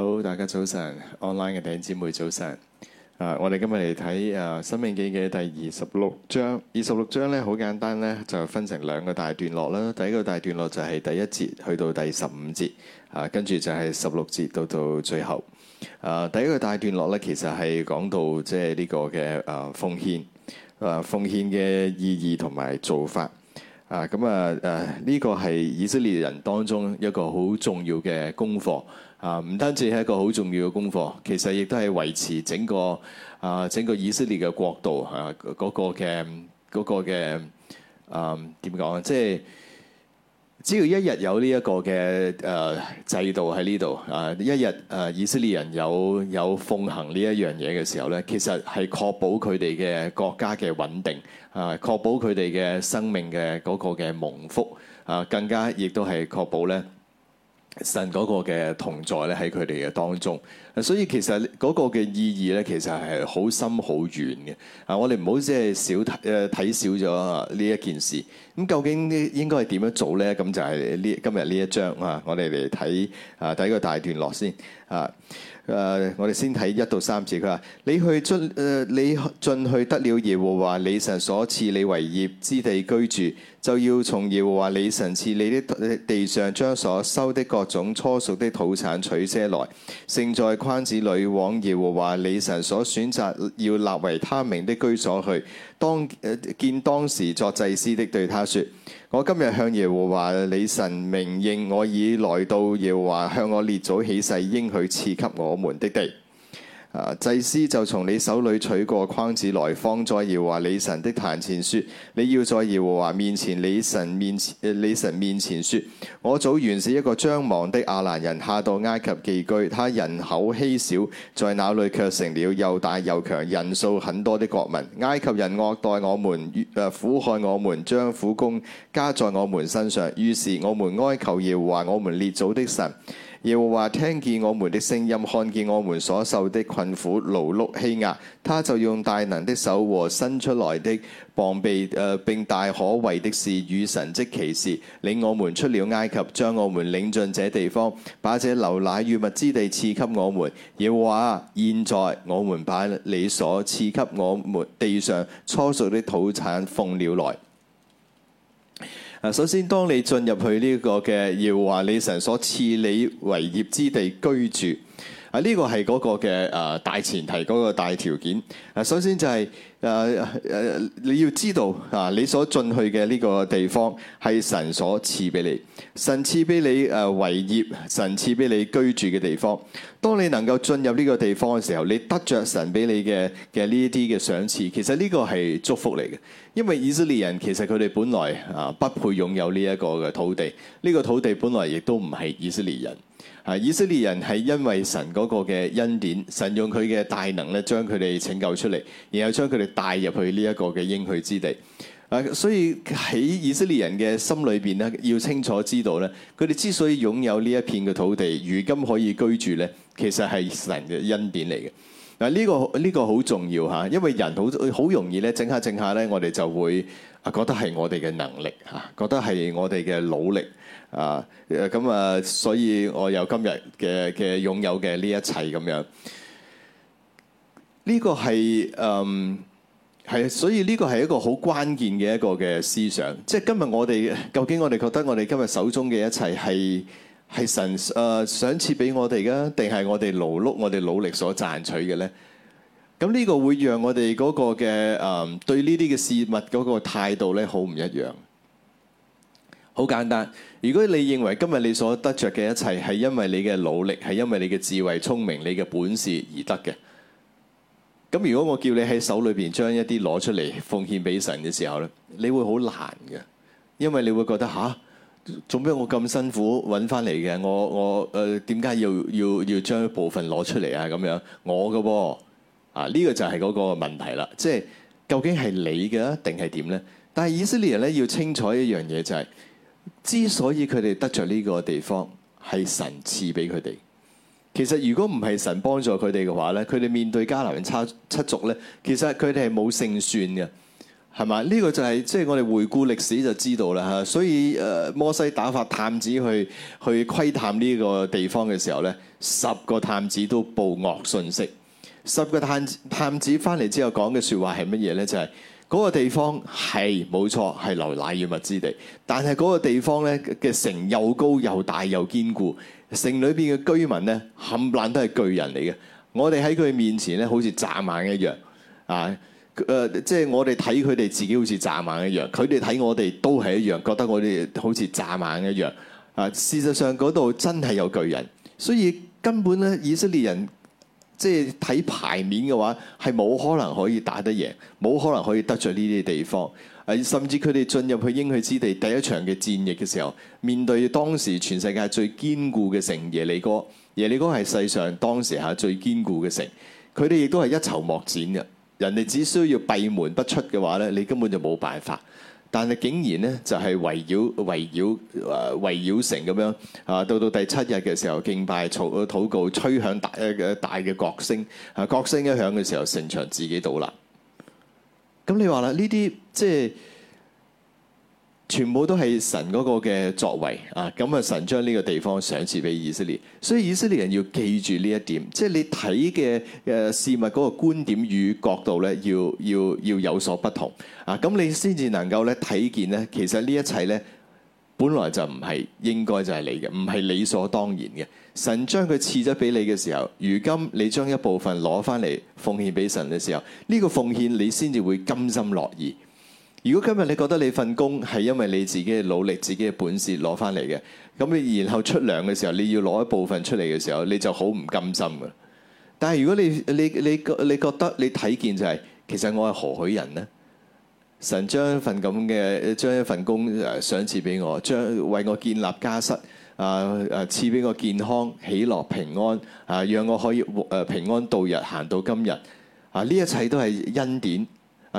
好，大家早晨，online 嘅弟兄姊妹早晨啊！我哋今日嚟睇誒《申、啊、命記》嘅第二十六章。二十六章咧，好簡單咧，就分成兩個大段落啦。第一個大段落就係第一節去到第十五節啊，跟住就係十六節到到最後。誒、啊，第一個大段落咧，其實係講到即係呢個嘅誒、啊、奉獻誒、啊、奉獻嘅意義同埋做法啊。咁啊誒呢、啊這個係以色列人當中一個好重要嘅功課。啊，唔單止係一個好重要嘅功課，其實亦都係維持整個啊整個以色列嘅國度啊嗰個嘅嗰個嘅啊點講啊？那個那個、啊即係只要一日有呢一個嘅誒、啊、制度喺呢度啊，一日誒、啊、以色列人有有奉行呢一樣嘢嘅時候咧，其實係確保佢哋嘅國家嘅穩定啊，確保佢哋嘅生命嘅嗰個嘅蒙福啊，更加亦都係確保咧。呢神嗰個嘅同在咧喺佢哋嘅當中，所以其實嗰個嘅意義咧，其實係好深好遠嘅。啊，我哋唔好即係少睇，誒睇少咗呢一件事。咁究竟應該係點樣做咧？咁就係呢今日呢一章啊，我哋嚟睇啊第一個大段落先啊。誒，uh, 我哋先睇一到三節。佢話：你去進誒，uh, 你進去得了耶和華你神所賜你為業之地居住，就要從耶和華你神賜你的地上將所收的各種初熟的土產取些來，盛在筐子裏往耶和華你神所選擇要立為他名的居所去，當誒見當時作祭司的對他說。我今日向耶和華你神明認，我已來到耶和華向我列祖起誓應許賜給我們的地。祭司就從你手裏取過筐子來方，放在耶和華你神的壇前，說：你要在耶和華面前、你神面前、你神面前，說：我祖原是一個將亡的亞蘭人，下到埃及寄居，他人口稀少，在那裏卻成了又大又強、人數很多的國民。埃及人惡待我們，於苦害我們，將苦工加在我們身上。於是我們哀求耶和華，我們列祖的神。耶和華聽見我們的聲音，看見我們所受的困苦、勞碌、欺壓，他就用大能的手和伸出來的、膀臂誒，並大可畏的事與神跡奇事，領我們出了埃及，將我們領進這地方，把這流奶與蜜之地賜給我們。耶和華現在我們把你所賜給我們地上初熟的土產奉了來。首先，當你進入去、這、呢個嘅，耶和華你神所賜你為業之地居住。啊！呢個係嗰個嘅誒大前提，嗰個大條件。啊，首先就係誒誒，你要知道啊，你所進去嘅呢個地方係神所賜俾你，神賜俾你誒為業，神賜俾你居住嘅地方。當你能夠進入呢個地方嘅時候，你得着神俾你嘅嘅呢一啲嘅賞賜，其實呢個係祝福嚟嘅。因為以色列人其實佢哋本來啊不配擁有呢一個嘅土地，呢個土地本來亦都唔係以色列人。以色列人係因為神嗰個嘅恩典，神用佢嘅大能咧，將佢哋拯救出嚟，然後將佢哋帶入去呢一個嘅應許之地。所以喺以色列人嘅心裏邊咧，要清楚知道咧，佢哋之所以擁有呢一片嘅土地，如今可以居住咧，其實係神嘅恩典嚟嘅。嗱，呢個呢個好重要嚇，因為人好好容易咧，整下整下咧，我哋就會覺得係我哋嘅能力嚇，覺得係我哋嘅努力。啊，咁啊，所以我有今日嘅嘅擁有嘅呢一切咁樣這，呢個係誒係，所以呢個係一個好關鍵嘅一個嘅思想。即係今日我哋究竟我哋覺得我哋今日手中嘅一切係係神誒、呃、賞賜俾我哋嘅，定係我哋勞碌、我哋努力所賺取嘅咧？咁呢個會讓我哋嗰個嘅誒、嗯、對呢啲嘅事物嗰個態度咧，好唔一樣。好簡單，如果你認為今日你所得着嘅一切係因為你嘅努力，係因為你嘅智慧聰明、你嘅本事而得嘅，咁如果我叫你喺手裏邊將一啲攞出嚟奉獻俾神嘅時候咧，你會好難嘅，因為你會覺得吓，做咩我咁辛苦揾翻嚟嘅，我我誒點解要要要將一部分攞出嚟啊咁樣，我嘅喎啊，呢個就係嗰個問題啦，即係究竟係你嘅定係點咧？但係以色列人咧要清楚一樣嘢就係。之所以佢哋得著呢個地方，係神賜俾佢哋。其實如果唔係神幫助佢哋嘅話呢，佢哋面對迦南人七族呢，其實佢哋係冇勝算嘅，係嘛？呢、這個就係即係我哋回顧歷史就知道啦吓。所以誒、呃，摩西打發探子去去窺探呢個地方嘅時候呢，十個探子都報惡信息。十個探探子翻嚟之後講嘅說話係乜嘢呢？就係、是。嗰個地方係冇錯係流奶與蜜之地，但係嗰個地方咧嘅城又高又大又堅固，城裏邊嘅居民咧冚唪唥都係巨人嚟嘅。我哋喺佢面前咧好似蚱蜢一樣，啊，誒、呃，即係我哋睇佢哋自己好似蚱蜢一樣，佢哋睇我哋都係一樣，覺得我哋好似蚱蜢一樣。啊，事實上嗰度真係有巨人，所以根本咧以色列人。即係睇牌面嘅話，係冇可能可以打得贏，冇可能可以得著呢啲地方。誒、啊，甚至佢哋進入去應許之地第一場嘅戰役嘅時候，面對當時全世界最堅固嘅城耶利哥，耶利哥係世上當時嚇最堅固嘅城，佢哋亦都係一籌莫展嘅。人哋只需要閉門不出嘅話咧，你根本就冇辦法。但係竟然咧，就係圍繞、圍繞、誒、圍繞城咁樣啊！到到第七日嘅時候，敬拜、禱、禱告、吹響大嘅大嘅角聲，啊，角聲一響嘅時候，城牆自己倒啦。咁你話啦，呢啲即係。全部都係神嗰個嘅作為啊！咁啊，神將呢個地方賞賜俾以色列，所以以色列人要記住呢一點，即係你睇嘅誒事物嗰個觀點與角度咧，要要要有所不同啊！咁你先至能夠咧睇見咧，其實呢一切咧，本來就唔係應該就係你嘅，唔係理所當然嘅。神將佢賜咗俾你嘅時候，如今你將一部分攞翻嚟奉獻俾神嘅時候，呢個奉獻你先至會甘心樂意。如果今日你覺得你份工係因為你自己嘅努力、自己嘅本事攞翻嚟嘅，咁你然後出糧嘅時候，你要攞一部分出嚟嘅時候，你就好唔甘心噶。但係如果你你你你覺得你睇見就係、是，其實我係何許人呢？神將一份咁嘅將一份工誒賞賜俾我，將為我建立家室啊啊，賜、啊、俾我健康、喜樂、平安啊，讓我可以誒平安度日、行到今日啊，呢一切都係恩典。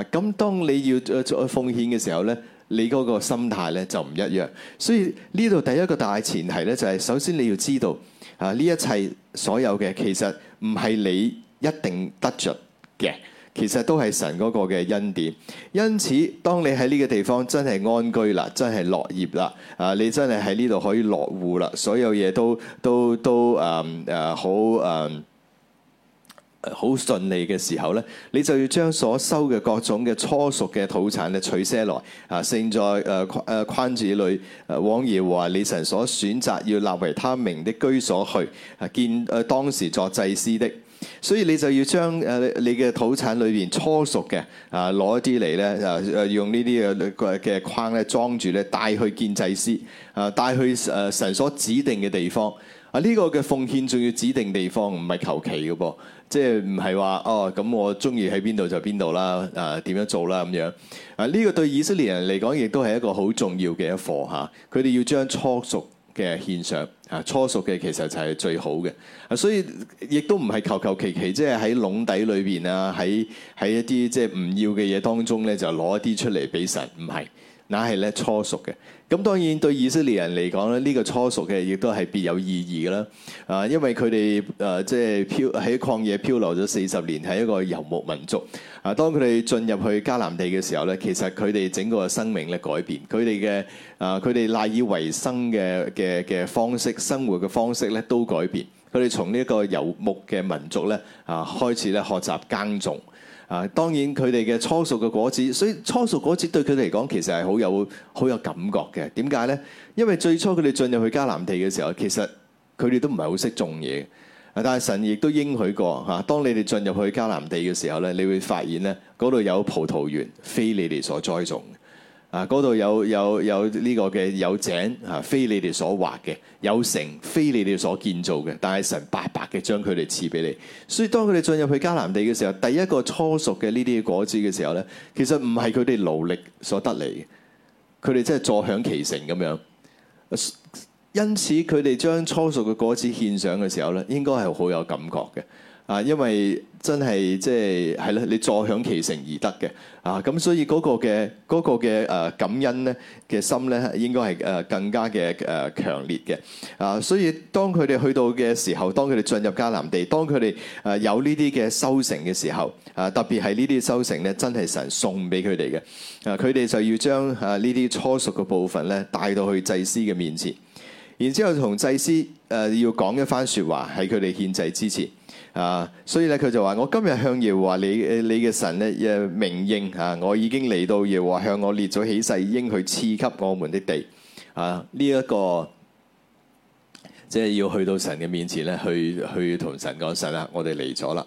咁當你要誒做奉獻嘅時候呢，你嗰個心態呢就唔一樣。所以呢度第一個大前提呢、就是，就係首先你要知道，啊呢一切所有嘅其實唔係你一定得着嘅，其實都係神嗰個嘅恩典。因此，當你喺呢個地方真係安居啦，真係樂業啦，啊你真係喺呢度可以落戶啦，所有嘢都都都誒誒好誒。呃呃好順利嘅時候呢，你就要將所收嘅各種嘅初熟嘅土產咧取些來啊，盛在誒誒框子裏。往耶和華你神所選擇要立為他名的居所去啊，見誒當時作祭司的，所以你就要將誒你嘅土產裏邊初熟嘅啊攞一啲嚟咧啊，用呢啲嘅框咧裝住咧帶去見祭司啊，帶去誒神所指定嘅地方啊。呢、這個嘅奉獻仲要指定地方，唔係求其嘅噃。即係唔係話哦，咁我中意喺邊度就邊度啦，啊點樣做啦，咁樣啊。呢個對以色列人嚟講亦都係一個好重要嘅一課嚇，佢哋要將初熟嘅獻上啊，初熟嘅其實就係最好嘅啊，所以亦都唔係求求其其，即係喺籠底裏邊啊，喺喺一啲即係唔要嘅嘢當中咧就攞一啲出嚟俾神唔係。那係咧初熟嘅，咁當然對以色列人嚟講咧，呢個初熟嘅亦都係別有意義嘅啦。啊，因為佢哋誒即係漂喺曠野漂流咗四十年，係一個遊牧民族。啊，當佢哋進入去迦南地嘅時候咧，其實佢哋整個生命咧改變，佢哋嘅啊佢哋賴以為生嘅嘅嘅方式，生活嘅方式咧都改變。佢哋從呢一個遊牧嘅民族咧啊開始咧學習耕種。啊，當然佢哋嘅初熟嘅果子，所以初熟果子對佢哋嚟講，其實係好有好有感覺嘅。點解呢？因為最初佢哋進入去迦南地嘅時候，其實佢哋都唔係好識種嘢。但係神亦都應許過，嚇，當你哋進入去迦南地嘅時候咧，你會發現咧，嗰度有葡萄園，非你哋所栽種。啊！嗰度有有有呢個嘅有井啊，非你哋所挖嘅有城，非你哋所建造嘅。但係神白白嘅將佢哋賜俾你，所以當佢哋進入去迦南地嘅時候，第一個初熟嘅呢啲果子嘅時候呢，其實唔係佢哋勞力所得嚟嘅，佢哋真係坐享其成咁樣，啊。因此佢哋將初熟嘅果子獻上嘅時候呢，應該係好有感覺嘅。啊，因為真係即係係啦，你坐享其成而得嘅啊，咁所以嗰個嘅嗰個嘅誒感恩咧嘅心咧，應該係誒更加嘅誒強烈嘅啊。所以當佢哋去到嘅時候，當佢哋進入迦南地，當佢哋誒有呢啲嘅收成嘅時候啊，特別係呢啲收成咧，真係神送俾佢哋嘅啊。佢哋就要將啊呢啲初熟嘅部分咧帶到去祭司嘅面前，然之後同祭司誒要講一番説話喺佢哋獻祭之前。啊，所以咧佢就話： 我今日向耶華你誒，你嘅神咧，也明認啊，我已經嚟到耶華，向我列咗起誓應去賜、啊這個就是啊啊、給我們的地啊。呢一個即係要去到神嘅面前咧，去去同神講神啊，我哋嚟咗啦，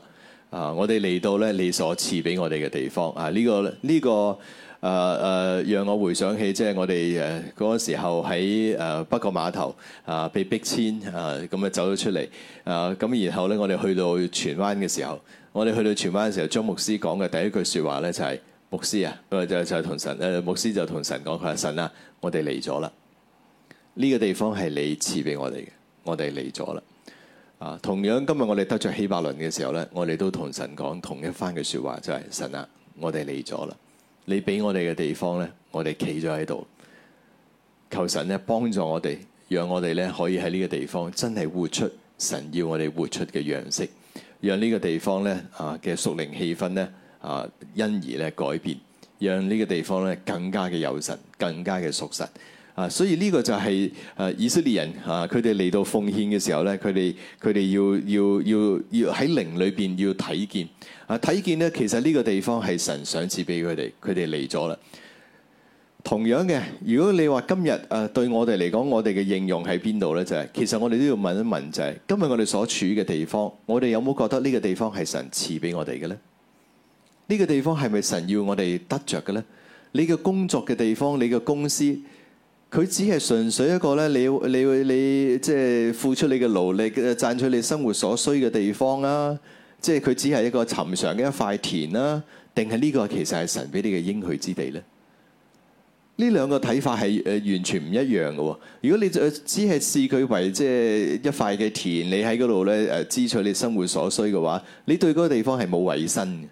啊，我哋嚟到咧，你所賜俾我哋嘅地方啊，呢個呢個。這個誒誒，uh, uh, 讓我回想起即係、就是、我哋誒嗰個時候喺誒、uh, 北角碼頭啊，uh, 被逼遷啊，咁咪走咗出嚟啊。咁、uh, 然後咧，我哋去到荃灣嘅時候，我哋去到荃灣嘅時、時候，張牧師講嘅第一句説話咧就係、是：牧師啊，呃、就是、就同、是、神誒牧師就同神講，佢話神啊，我哋嚟咗啦。呢、這個地方係你賜俾我哋嘅，我哋嚟咗啦。啊，同樣今日我哋得著希伯倫嘅時候咧，我哋都同神講同一番嘅説話，就係、是、神啊，我哋嚟咗啦。你畀我哋嘅地方咧，我哋企咗喺度，求神咧幫助我哋，讓我哋咧可以喺呢個地方真係活出神要我哋活出嘅樣式，讓呢個地方咧啊嘅屬靈氣氛咧啊因而咧改變，讓呢個地方咧更加嘅有神，更加嘅屬神。啊，所以呢個就係、是、誒、啊、以色列人啊，佢哋嚟到奉獻嘅時候咧，佢哋佢哋要要要要喺靈裏邊要睇見啊，睇見咧，其實呢個地方係神賞賜俾佢哋，佢哋嚟咗啦。同樣嘅，如果你話今日誒、啊、對我哋嚟講，我哋嘅應用喺邊度咧，就係、是、其實我哋都要問一問、就是，就係今日我哋所處嘅地方，我哋有冇覺得呢個地方係神賜俾我哋嘅咧？呢、這個地方係咪神要我哋得着嘅咧？你嘅工作嘅地方，你嘅公司。佢只係純粹一個咧，你你你即係付出你嘅勞力，誒賺取你生活所需嘅地方啦。即係佢只係一個尋常嘅一塊田啦，定係呢個其實係神俾你嘅應許之地咧？呢兩個睇法係誒完全唔一樣嘅。如果你只係視佢為即係一塊嘅田，你喺嗰度咧誒支取你生活所需嘅話，你對嗰個地方係冇衛生嘅，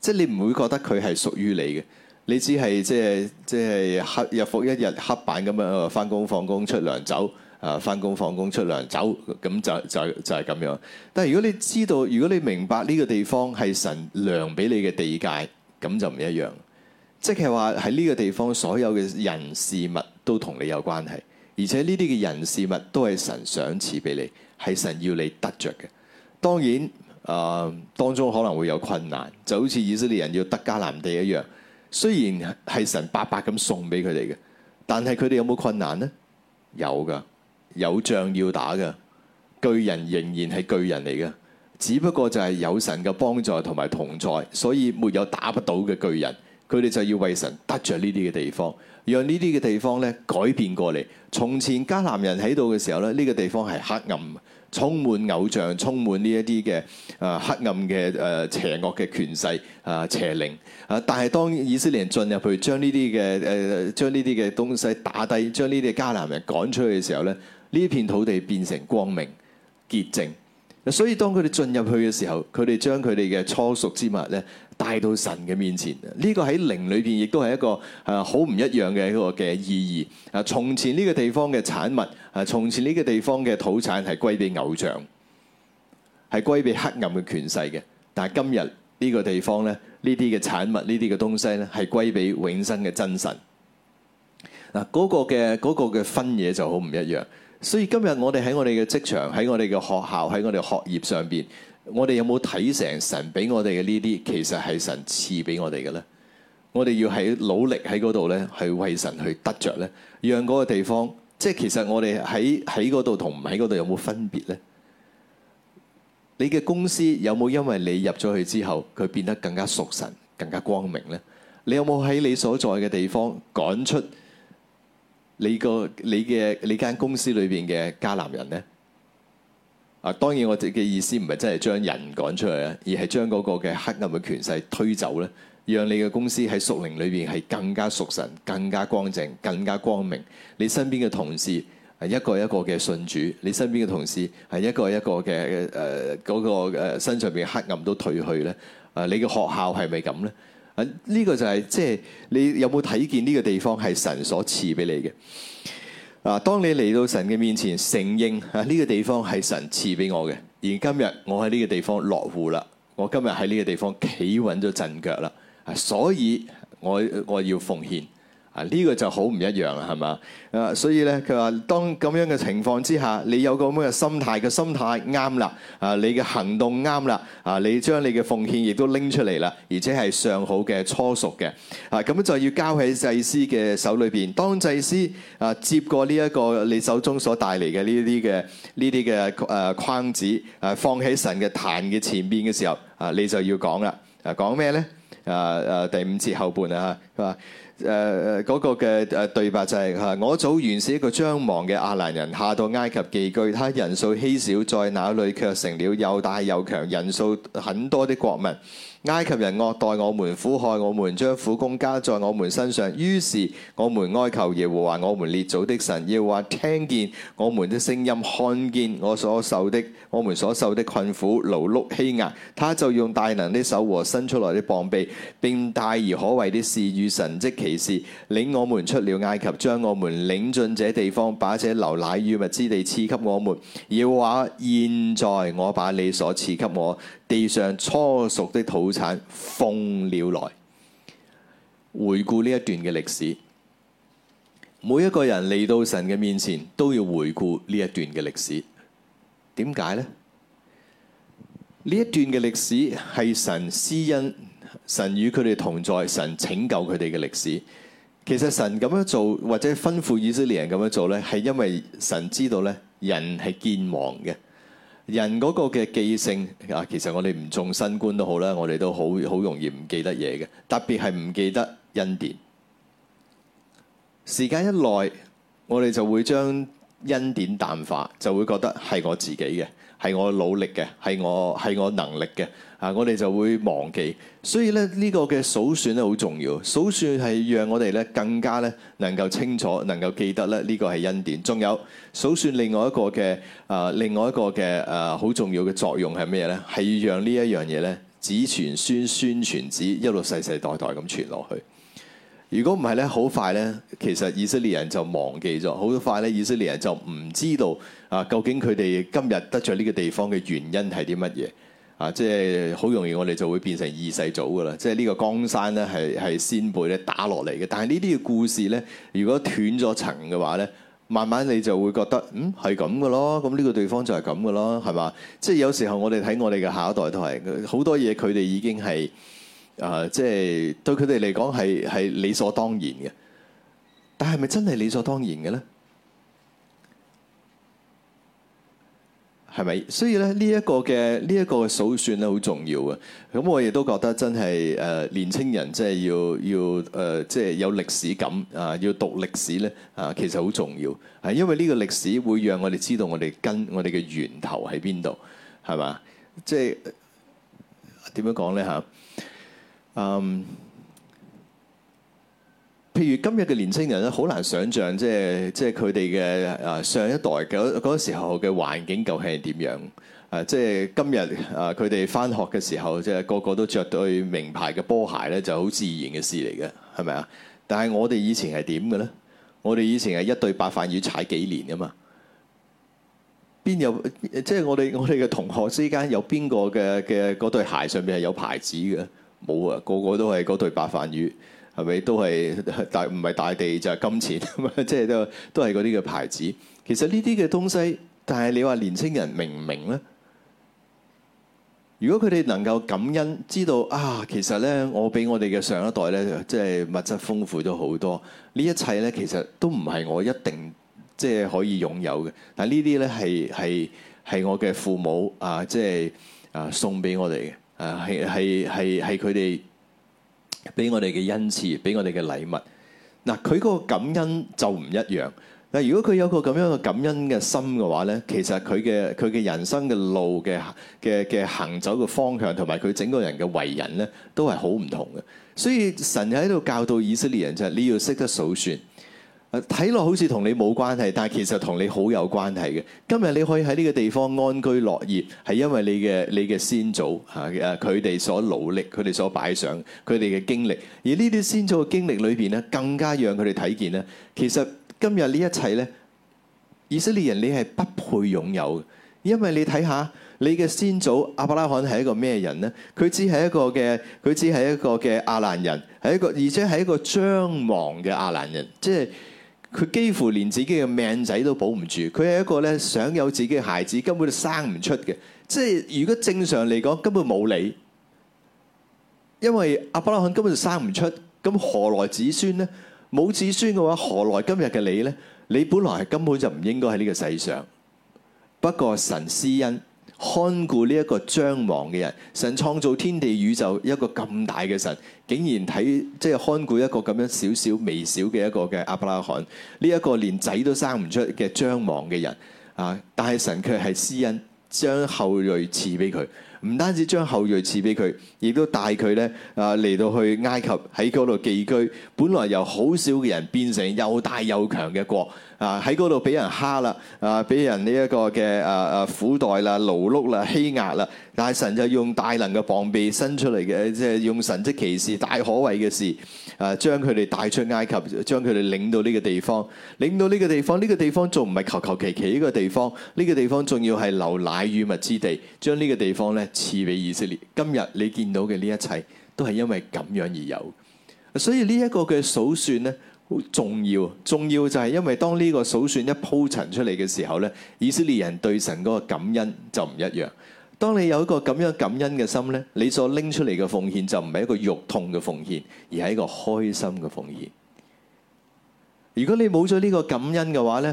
即係你唔會覺得佢係屬於你嘅。你只係即係即係黑日復一日黑板咁樣，返工放工出糧走啊！返工放工出糧走，咁就就就係咁樣。但係如果你知道，如果你明白呢個地方係神糧俾你嘅地界，咁就唔一樣。即係話喺呢個地方，所有嘅人事物都同你有關係，而且呢啲嘅人事物都係神賞賜俾你，係神要你得着嘅。當然啊，當中可能會有困難，就好似以色列人要得迦南地一樣。雖然係神白白咁送俾佢哋嘅，但係佢哋有冇困難呢？有㗎，有仗要打㗎。巨人仍然係巨人嚟嘅，只不過就係有神嘅幫助同埋同在，所以沒有打不到嘅巨人。佢哋就要為神得着呢啲嘅地方，讓呢啲嘅地方咧改變過嚟。從前迦南人喺度嘅時候咧，呢個地方係黑暗，充滿偶像，充滿呢一啲嘅誒黑暗嘅誒邪惡嘅權勢啊邪靈啊！但係當以色列人進入去將呢啲嘅誒將呢啲嘅東西打低，將呢啲嘅迦南人趕出去嘅時候咧，呢一片土地變成光明潔淨。所以當佢哋進入去嘅時候，佢哋將佢哋嘅初熟之物咧帶到神嘅面前。呢個喺靈裏邊亦都係一個誒好唔一樣嘅一個嘅意義。啊，從前呢個地方嘅產物。啊！從前呢個地方嘅土產係歸俾偶像，係歸俾黑暗嘅權勢嘅。但係今日呢個地方咧，呢啲嘅產物、呢啲嘅東西咧，係歸俾永生嘅真神。嗱，嗰個嘅嗰個嘅分野就好唔一樣。所以今日我哋喺我哋嘅職場、喺我哋嘅學校、喺我哋學業上邊，我哋有冇睇成神俾我哋嘅呢啲？其實係神賜俾我哋嘅咧。我哋要喺努力喺嗰度咧，去為神去得着咧，讓嗰個地方。即係其實我哋喺喺嗰度同唔喺嗰度有冇分別呢？你嘅公司有冇因為你入咗去之後，佢變得更加屬神、更加光明呢？你有冇喺你所在嘅地方趕出你個、你嘅、你間公司裏邊嘅迦南人呢？啊，當然我哋嘅意思唔係真係將人趕出去，啊，而係將嗰個嘅黑暗嘅權勢推走咧。讓你嘅公司喺屬靈裏邊係更加屬神、更加光淨、更加光明。你身邊嘅同事係一個一個嘅信主，你身邊嘅同事係一個一個嘅誒，呃嗰個誒身上邊黑暗都退去咧。誒、呃，你嘅學校係咪咁咧？啊，呢、呢個就係即係你有冇睇見呢個地方係神所賜俾你嘅？啊，當你嚟到神嘅面前承認啊，呢、呢個地方係神賜俾我嘅。而今日我喺呢個地方落戶啦，我今日喺呢個地方企穩咗陣腳啦。所以我我要奉獻啊，呢、呢個就好唔一樣啦，係嘛啊？所以呢，佢話，當咁樣嘅情況之下，你有個咁嘅心態嘅心態啱啦啊，你嘅行動啱啦啊，你將你嘅奉獻亦都拎出嚟啦，而且係上好嘅初熟嘅，啊，咁，啊，就要交喺祭司嘅手裏邊。當祭司啊接過呢一個你手中所帶嚟嘅呢啲嘅呢啲嘅誒框子，啊，放喺神嘅壇嘅前邊嘅時候啊，你就要講啦啊，講咩呢？誒誒、uh, uh, 第五節後半啊，佢話誒誒嗰個嘅誒對白就係、是啊，我祖原是一個將亡嘅亞蘭人，下到埃及寄居，他人數稀少，在那裏卻成了又大又強、人數很多的國民。埃及人惡待我們，苦害我們，將苦工加在我們身上。於是我們哀求耶和華，我們列祖的神，要話聽見我們的聲音，看見我所受的，我們所受的困苦、勞碌、欺壓。他就用大能的手和伸出來的膀臂，並大而可畏的事與神蹟奇事，領我們出了埃及，將我們領進這地方，把這流奶與蜜之地賜給我們。要話現在，我把你所賜給我，地上初熟的土產，奉了來。回顧呢一段嘅歷史，每一個人嚟到神嘅面前都要回顧呢一段嘅歷史。點解呢？呢一段嘅歷史係神施恩，神與佢哋同在，神拯救佢哋嘅歷史。其實神咁樣做，或者吩咐以色列人咁樣做呢，係因為神知道呢，人係健忘嘅。人嗰個嘅記性啊，其實我哋唔種新冠都好啦，我哋都好好容易唔記得嘢嘅，特別係唔記得恩典。時間一耐，我哋就會將恩典淡化，就會覺得係我自己嘅。係我努力嘅，係我係我能力嘅，啊！我哋就會忘記，所以咧呢個嘅數算咧好重要，數算係讓我哋咧更加咧能夠清楚、能夠記得咧呢個係恩典。仲有數算另外一個嘅啊，另外一個嘅誒好重要嘅作用係咩咧？係要讓呢一樣嘢咧子傳孫，孫傳子，一路世世代代咁傳落去。如果唔係咧，好快咧，其實以色列人就忘記咗，好快咧，以色列人就唔知道。啊，究竟佢哋今日得著呢個地方嘅原因係啲乜嘢？啊，即係好容易我哋就會變成二世祖噶啦。即係呢個江山咧，係係先輩咧打落嚟嘅。但係呢啲嘅故事咧，如果斷咗層嘅話咧，慢慢你就會覺得，嗯，係咁噶咯。咁呢個地方就係咁噶咯，係嘛？即係有時候我哋睇我哋嘅下一代都係好多嘢，佢哋已經係啊，即、呃、係、就是、對佢哋嚟講係係理所當然嘅。但係咪真係理所當然嘅咧？係咪？所以咧，呢、這、一個嘅呢一個數算咧，好重要嘅。咁我亦都覺得真係誒、呃，年青人即係要要誒，即、呃、係、就是、有歷史感啊、呃！要讀歷史咧啊、呃，其實好重要。係因為呢個歷史會讓我哋知道我哋跟我哋嘅源頭喺邊度，係嘛？即係點樣講咧？吓、呃。嗯。呃譬如今日嘅年青人咧，好難想象即係即係佢哋嘅啊上一代嗰嗰時候嘅環境究竟係點樣？啊，即係今日啊，佢哋翻學嘅時候，即係個個都着對名牌嘅波鞋咧，就好自然嘅事嚟嘅，係咪啊？但係我哋以前係點嘅咧？我哋以前係一對白飯魚踩幾年噶嘛？邊有即係我哋我哋嘅同學之間有邊個嘅嘅嗰對鞋上邊係有牌子嘅？冇啊，個個都係嗰對白飯魚。係咪都係大唔係大地就係金錢啊嘛，即係都都係嗰啲嘅牌子、其實呢啲嘅東西，但係你話年青人明唔明咧？如果佢哋能夠感恩，知道啊，其實咧我比我哋嘅上一代咧，即係物質豐富咗好多。呢一切咧其實都唔係我一定即係可以擁有嘅。但係呢啲咧係係係我嘅父母啊，即係啊送俾我哋嘅啊，係係係係佢哋。啊俾我哋嘅恩賜，俾我哋嘅禮物。嗱，佢個感恩就唔一樣。嗱，如果佢有個咁樣嘅感恩嘅心嘅話咧，其實佢嘅佢嘅人生嘅路嘅嘅嘅行走嘅方向，同埋佢整個人嘅為人咧，都係好唔同嘅。所以神喺度教導以色列人，就係你要識得數算。睇落好似同你冇關係，但係其實同你好有關係嘅。今日你可以喺呢個地方安居樂業，係因為你嘅你嘅先祖嚇佢哋所努力，佢哋所擺上，佢哋嘅經歷。而呢啲先祖嘅經歷裏邊呢，更加讓佢哋睇見呢。其實今日呢一切呢，以色列人你係不配擁有，因為你睇下你嘅先祖亞伯拉罕係一個咩人呢？佢只係一個嘅，佢只係一個嘅亞蘭人，係一個而且係一個將亡嘅亞蘭人，即係。佢幾乎連自己嘅命仔都保唔住，佢係一個呢想有自己嘅孩子，根本就生唔出嘅。即係如果正常嚟講，根本冇你，因為阿伯拉罕根本就生唔出，咁何來子孫呢？冇子孫嘅話，何來今日嘅你呢？你本來根本就唔應該喺呢個世上。不過神施恩。看顧呢一個將亡嘅人，神創造天地宇宙一個咁大嘅神，竟然睇即係看顧一個咁樣少少微小嘅一個嘅亞伯拉罕，呢、這、一個連仔都生唔出嘅將亡嘅人啊！但係神卻係施恩，將後裔賜俾佢，唔單止將後裔賜俾佢，亦都帶佢咧啊嚟,到去埃及喺嗰度寄居，本來由好少嘅人變成又大又強嘅國。啊！喺嗰度俾人蝦啦，啊！俾人呢一個嘅誒誒苦待啦、勞、啊啊、碌啦、欺壓啦，但係神就用大能嘅防備伸出嚟嘅，即、啊、係、就是、用神蹟奇事大可畏嘅事，啊！將佢哋帶出埃及，將佢哋領到呢個地方，領到呢個地方，呢、呢個地方仲唔係求求其其呢個地方？呢、呢個地方仲要係流奶與蜜之地，將呢個地方咧賜俾以色列。今日你見到嘅呢一切，都係因為咁樣而有。所以呢一個嘅數算咧。好重要，重要就係因為當呢個數算一鋪陳出嚟嘅時候呢，以色列人對神嗰個感恩就唔一樣。當你有一個咁樣感恩嘅心呢，你所拎出嚟嘅奉獻就唔係一個肉痛嘅奉獻，而係一個開心嘅奉獻。如果你冇咗呢個感恩嘅話呢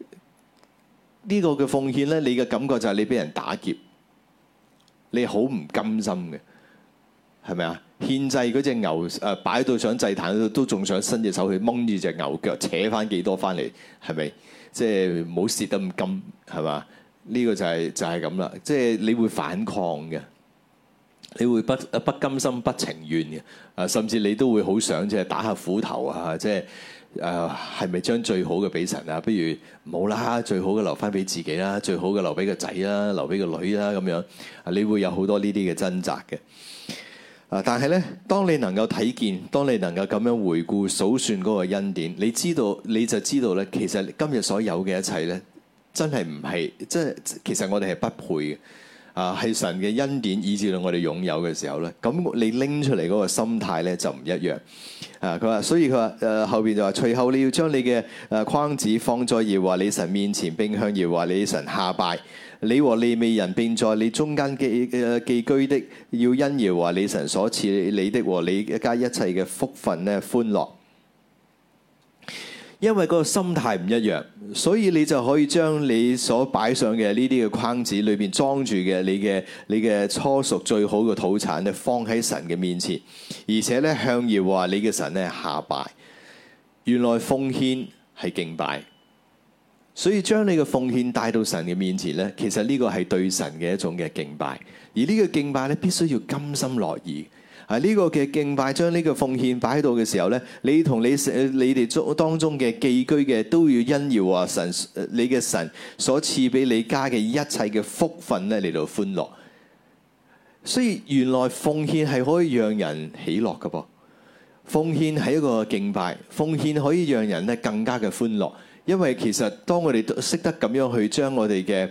呢、呢個嘅奉獻呢，你嘅感覺就係你俾人打劫，你好唔甘心嘅。係咪啊？獻祭嗰隻牛誒、呃、擺到上祭壇度，都仲想伸隻手去掹住隻牛腳扯翻幾多翻嚟？係咪？即係唔好蝕得咁金，係嘛？呢個就係就係咁啦。即係你會反抗嘅，你會不不甘心、不情願嘅啊，甚至你都會好想即係打下斧頭啊！即係誒係咪將最好嘅俾神啊？不如冇啦，最好嘅留翻俾自己啦，最好嘅留俾個仔啦，留俾個女啦咁樣。你會有好多呢啲嘅掙扎嘅。啊！但係咧，當你能夠睇見，當你能夠咁樣回顧數算嗰個恩典，你知道你就知道咧，其實今日所有嘅一切咧，真係唔係，即係其實我哋係不配嘅。啊，係神嘅恩典以至到我哋擁有嘅時候咧，咁你拎出嚟嗰個心態咧就唔一樣。啊，佢話所以佢話，誒後邊就話隨後你要將你嘅誒框子放在耶和華你神面前並，並向耶和華你神下拜。你和利未人並在你中間寄寄居的，要因耶和華你神所賜你的和你一家一切嘅福分呢歡樂，因為個心態唔一樣，所以你就可以將你所擺上嘅呢啲嘅框子裏面裝住嘅你嘅你嘅初熟最好嘅土產呢，放喺神嘅面前，而且呢向耶和華你嘅神呢下拜，原來奉獻係敬拜。所以將你嘅奉獻帶到神嘅面前咧，其實呢個係對神嘅一種嘅敬拜，而呢個敬拜咧，必須要甘心樂意啊！呢個嘅敬拜將呢個奉獻擺喺度嘅時候咧，你同你你哋當中嘅寄居嘅都要因耶和華神，你嘅神所賜俾你家嘅一切嘅福分咧嚟到歡樂。所以原來奉獻係可以讓人喜樂嘅噃，奉獻係一個敬拜，奉獻可以讓人咧更加嘅歡樂。因為其實當我哋識得咁樣去將我哋嘅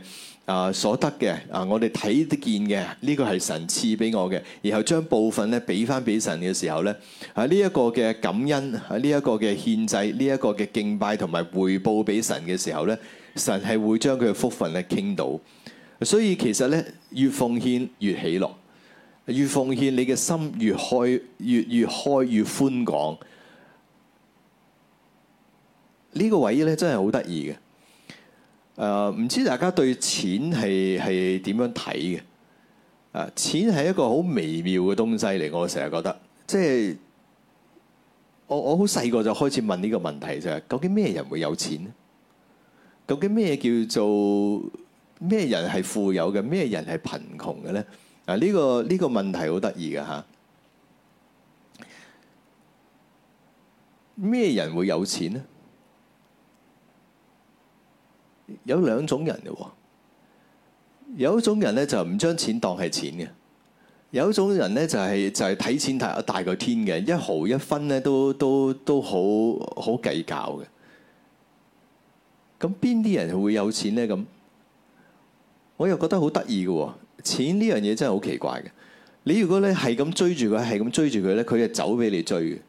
啊所得嘅啊我哋睇得見嘅呢個係神賜俾我嘅，然後將部分咧俾翻俾神嘅時候咧，喺呢一個嘅感恩，喺呢一個嘅獻祭，呢一個嘅敬拜同埋回報俾神嘅時候咧，神係會將佢嘅福分咧傾到，所以其實咧越奉獻越喜樂，越奉獻你嘅心越開越越開，越，越，開越寬廣。呢個位咧真係好得意嘅，誒唔知大家對錢係係點樣睇嘅？誒錢係一個好微妙嘅東西嚟，我成日覺得，即係我我好細個就開始問呢個問題就係：究竟咩人會有錢咧？究竟咩叫做咩人係富有嘅？咩人係貧窮嘅咧？啊！呢個呢個問題好得意嘅吓，咩人會有錢咧？有兩種人嘅喎，有一種人咧就唔將錢當係錢嘅，有一種人咧就係、係、就係、係、睇錢大大過天嘅，一毫一分咧都都都好好計較嘅。咁邊啲人會有錢咧？咁我又覺得好得意嘅喎，錢呢樣嘢真係好奇怪嘅。你如果咧係咁追住佢，係咁追住佢咧，佢就走俾你，你追，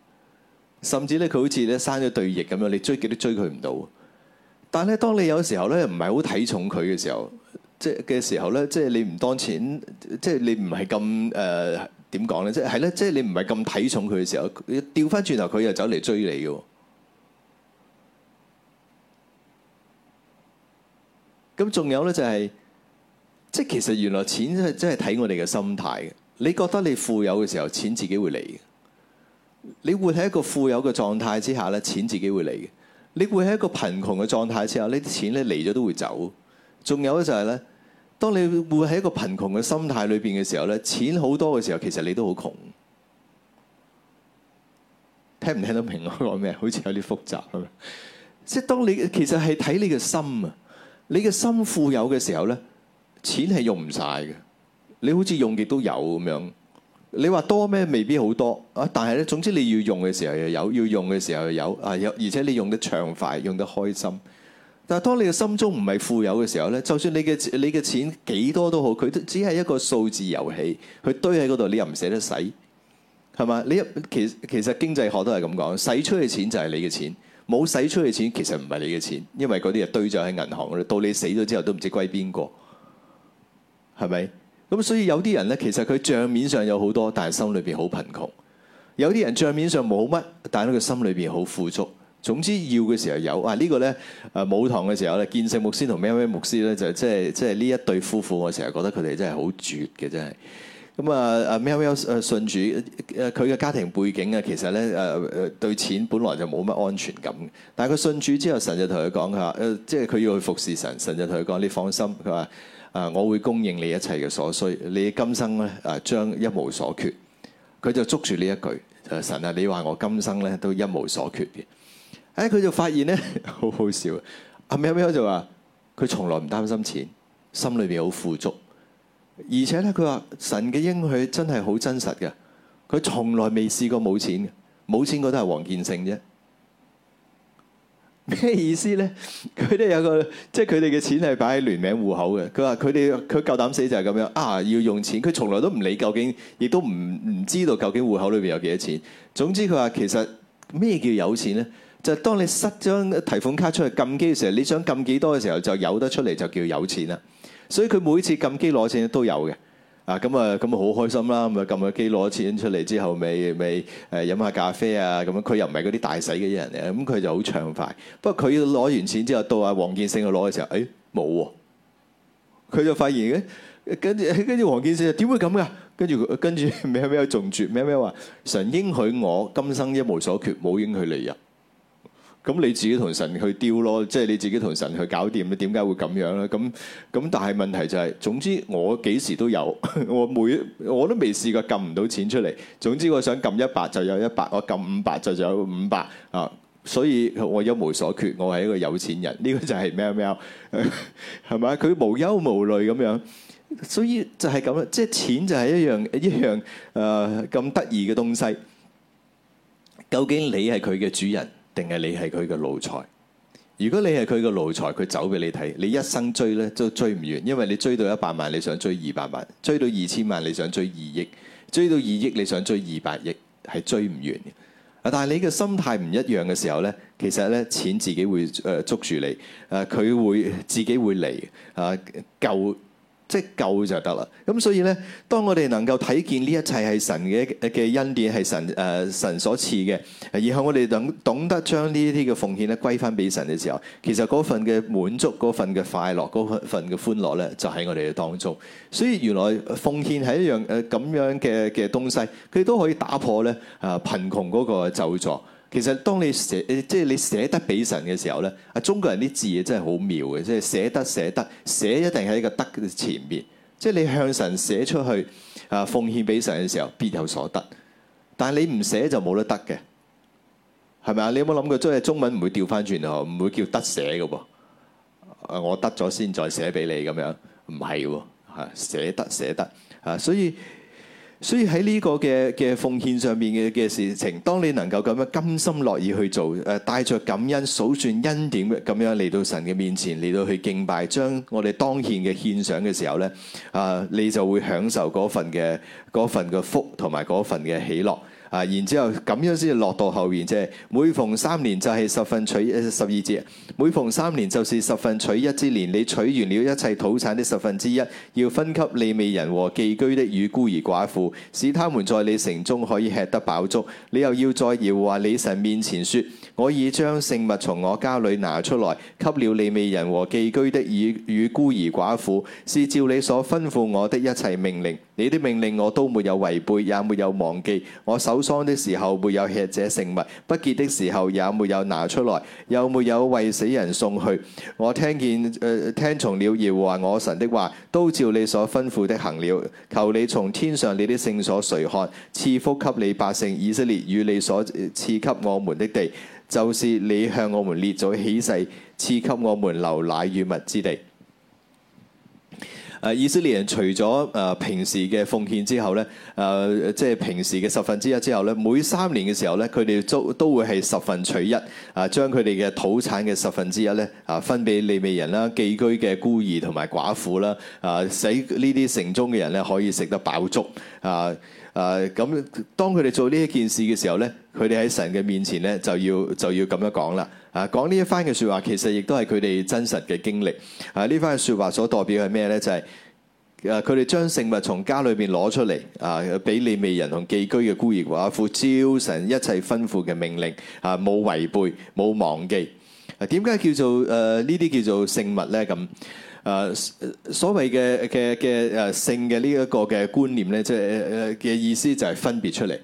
甚至咧佢好似咧生咗對翼咁樣，你追極都追佢唔到。但係咧，當你有時候咧，唔係好睇重佢嘅時候，即係嘅時候咧，即係你唔當錢，即係你唔係咁誒點講咧？即係係咧，即係你唔係咁睇重佢嘅時候，調翻轉頭佢又走嚟追你嘅。咁仲有咧就係，即係其實原來錢係真係睇我哋嘅心態嘅。你覺得你富有嘅時候，錢自己會嚟嘅。你活喺一個富有嘅狀態之下咧，錢自己會嚟嘅。你會喺一個貧窮嘅狀態之下，呢啲錢咧，嚟咗都會走。仲有咧就係咧，當你會喺一個貧窮嘅心態裏邊嘅時候咧，錢好多嘅時候，其實你都好窮。聽唔聽到明我講咩？ 好似有啲複雜啊。 即係當你其實係睇你嘅心啊，你嘅心富有嘅時候咧，錢係用唔晒嘅。你好似用極都有咁樣。你話多咩？未必好多啊！但係咧，總之你要用嘅時候又有，要用嘅時候又有啊！有而且你用得暢快，用得開心。但係當你嘅心中唔係富有嘅時候咧，就算你嘅你嘅錢幾多都好，佢都只係一個數字遊戲，佢堆喺嗰度，你又唔捨得使，係嘛？你其實其實經濟學都係咁講，使出去錢就係你嘅錢，冇使出去錢其實唔係你嘅錢，因為嗰啲係堆咗喺銀行度，到你死咗之後都唔知歸邊個，係咪？咁所以有啲人咧，其實佢帳面上有好多，但係心裏邊好貧窮；有啲人帳面上冇乜，但係佢心裏邊好富足。總之要嘅時候有啊，這個、呢個咧誒，母堂嘅時候咧，見聖牧師同 Mia Mia 牧師咧，就即係即係呢一對夫婦，我成日覺得佢哋真係好絕嘅，真、嗯、係。咁啊啊 Mia Mia 信主誒，佢嘅家庭背景啊，其實咧誒誒對錢本來就冇乜安全感。但係佢信主之後，神就同佢講下，誒、就是，即係佢要去服侍神，神就同佢講你放心，佢話。誒，我會供應你一切嘅所需，你今生咧誒，將一無所缺。佢就捉住呢一句，就係神啊！你話我今生咧都一無所缺嘅。誒、哎，佢就發現咧，好好笑。阿喵喵就話佢從來唔擔心錢，心裏邊好富足，而且咧佢話神嘅應許真係好真實嘅。佢從來未試過冇錢，冇錢過都係王建勝啫。咩意思呢？佢哋有個，即係佢哋嘅錢係擺喺聯名戶口嘅。佢話佢哋佢夠膽死就係咁樣啊！要用錢，佢從來都唔理究竟，亦都唔唔知道究竟戶口裏邊有幾多錢。總之佢話其實咩叫有錢呢？就係當你塞張提款卡出去撳機嘅時候，你想撳幾多嘅時候就有得出嚟就叫有錢啦。所以佢每次撳機攞錢都有嘅。啊，咁啊，咁啊好開心啦，咁啊撳個機攞錢出嚟之後，未未誒飲下咖啡啊咁樣，佢又唔係嗰啲大洗嘅人嚟，咁佢就好暢快。不過佢攞完錢之後，到阿黃建聖去攞嘅時候，誒冇喎，佢就發現嘅，跟住跟住，黃建聖點會咁噶？跟住跟住咩咩仲絕咩咩話？神應許我今生一無所缺，冇應許利潤。咁你自己同神去丟咯，即係你自己同神去搞掂你點解會咁樣咧？咁咁，但係問題就係，總之我幾時都有，我每我都未試過撳唔到錢出嚟。總之我想撳一百就有一百，我撳五百就就有五百啊！所以我一無所缺，我係一個有錢人。呢個就係喵喵，係咪？佢無憂無慮咁樣，所以就係咁啦。即係錢就係一樣一樣誒咁得意嘅東西。究竟你係佢嘅主人？定係你係佢嘅奴才？如果你係佢嘅奴才，佢走俾你睇，你一生追呢都追唔完，因為你追到一百萬，你想追二百萬；追到二千萬，你想追二億；追到二億，你想追二百億，係追唔完嘅。但係你嘅心態唔一樣嘅時候呢，其實呢，錢自己會誒捉住你，誒佢會自己會嚟啊救。即係夠就得啦。咁所以呢，當我哋能夠睇見呢一切係神嘅嘅恩典，係神誒神、呃、神所賜嘅，然後我哋等懂得將呢啲嘅奉獻咧歸翻俾神嘅時候，其實嗰份嘅滿足、嗰份嘅快樂、嗰份嘅歡樂呢，就喺我哋嘅當中。所以原來奉獻係一樣誒咁、呃、樣嘅嘅東西，佢都可以打破呢誒貧窮嗰個咒詛。其實當你寫即係你寫得俾神嘅時候呢，啊中國人啲字真係好妙嘅，即係寫得寫得，寫一定喺一個得嘅前面，即係你向神寫出去啊，奉獻俾神嘅時候，必有所得。但係你唔寫就冇得得嘅，係咪啊？你有冇諗過？即係中文唔會調翻轉頭喎，唔會叫得寫嘅喎。我得咗先再寫俾你咁樣，唔係喎嚇，寫得寫得嚇，所以。所以喺呢個嘅嘅奉獻上面嘅嘅事情，當你能夠咁樣甘心樂意去做，誒帶著感恩、數算恩典嘅咁樣嚟到神嘅面前，嚟到去敬拜，將我哋當獻嘅獻上嘅時候咧，啊，你就會享受嗰份嘅嗰份嘅福同埋嗰份嘅喜樂。啊，然之後咁樣先至落到後面啫。每逢三年就係十分取一，十二節，每逢三年就是十分取一之年，你取完了一切土產的十分之一，要分給利未人和寄居的與孤兒寡婦，使他們在你城中可以吃得飽足。你又要在耶和華你神面前説：我已將聖物從我家裏拿出來，給了利未人和寄居的與孤兒寡婦，是照你所吩咐我的一切命令。你的命令我都沒有違背，也沒有忘記。我守喪的時候沒有吃這聖物，不潔的時候也沒有拿出來，又沒有為死人送去。我聽見、呃、聽從了耶和華我神的話，都照你所吩咐的行了。求你從天上你的聖所垂看，賜福給你百姓以色列與你所賜給我們的地，就是你向我們列祖起誓賜給我們流奶與蜜之地。誒以色列人除咗誒、呃、平時嘅奉獻之後咧，誒、呃、即係平時嘅十分之一之後咧，每三年嘅時候咧，佢哋都都會係十分取一，誒、啊、將佢哋嘅土產嘅十分之一咧，啊，分俾利未人啦、啊、寄居嘅孤兒同埋寡婦啦，啊，使呢啲城中嘅人咧可以食得飽足，啊啊咁、啊、當佢哋做呢一件事嘅時候咧，佢哋喺神嘅面前咧就要就要咁樣講啦。啊，講呢一番嘅説話，其實亦都係佢哋真實嘅經歷。啊，呢番嘅説話所代表係咩咧？就係、是、誒，佢哋將聖物從家裏邊攞出嚟啊，俾利未人同寄居嘅孤兒寡婦，啊、照神一切吩咐嘅命令啊，冇違背，冇忘記。啊，點解叫做誒呢啲叫做聖物咧？咁、啊、誒所謂嘅嘅嘅誒聖嘅呢一個嘅觀念咧，即係誒嘅意思就係分別出嚟。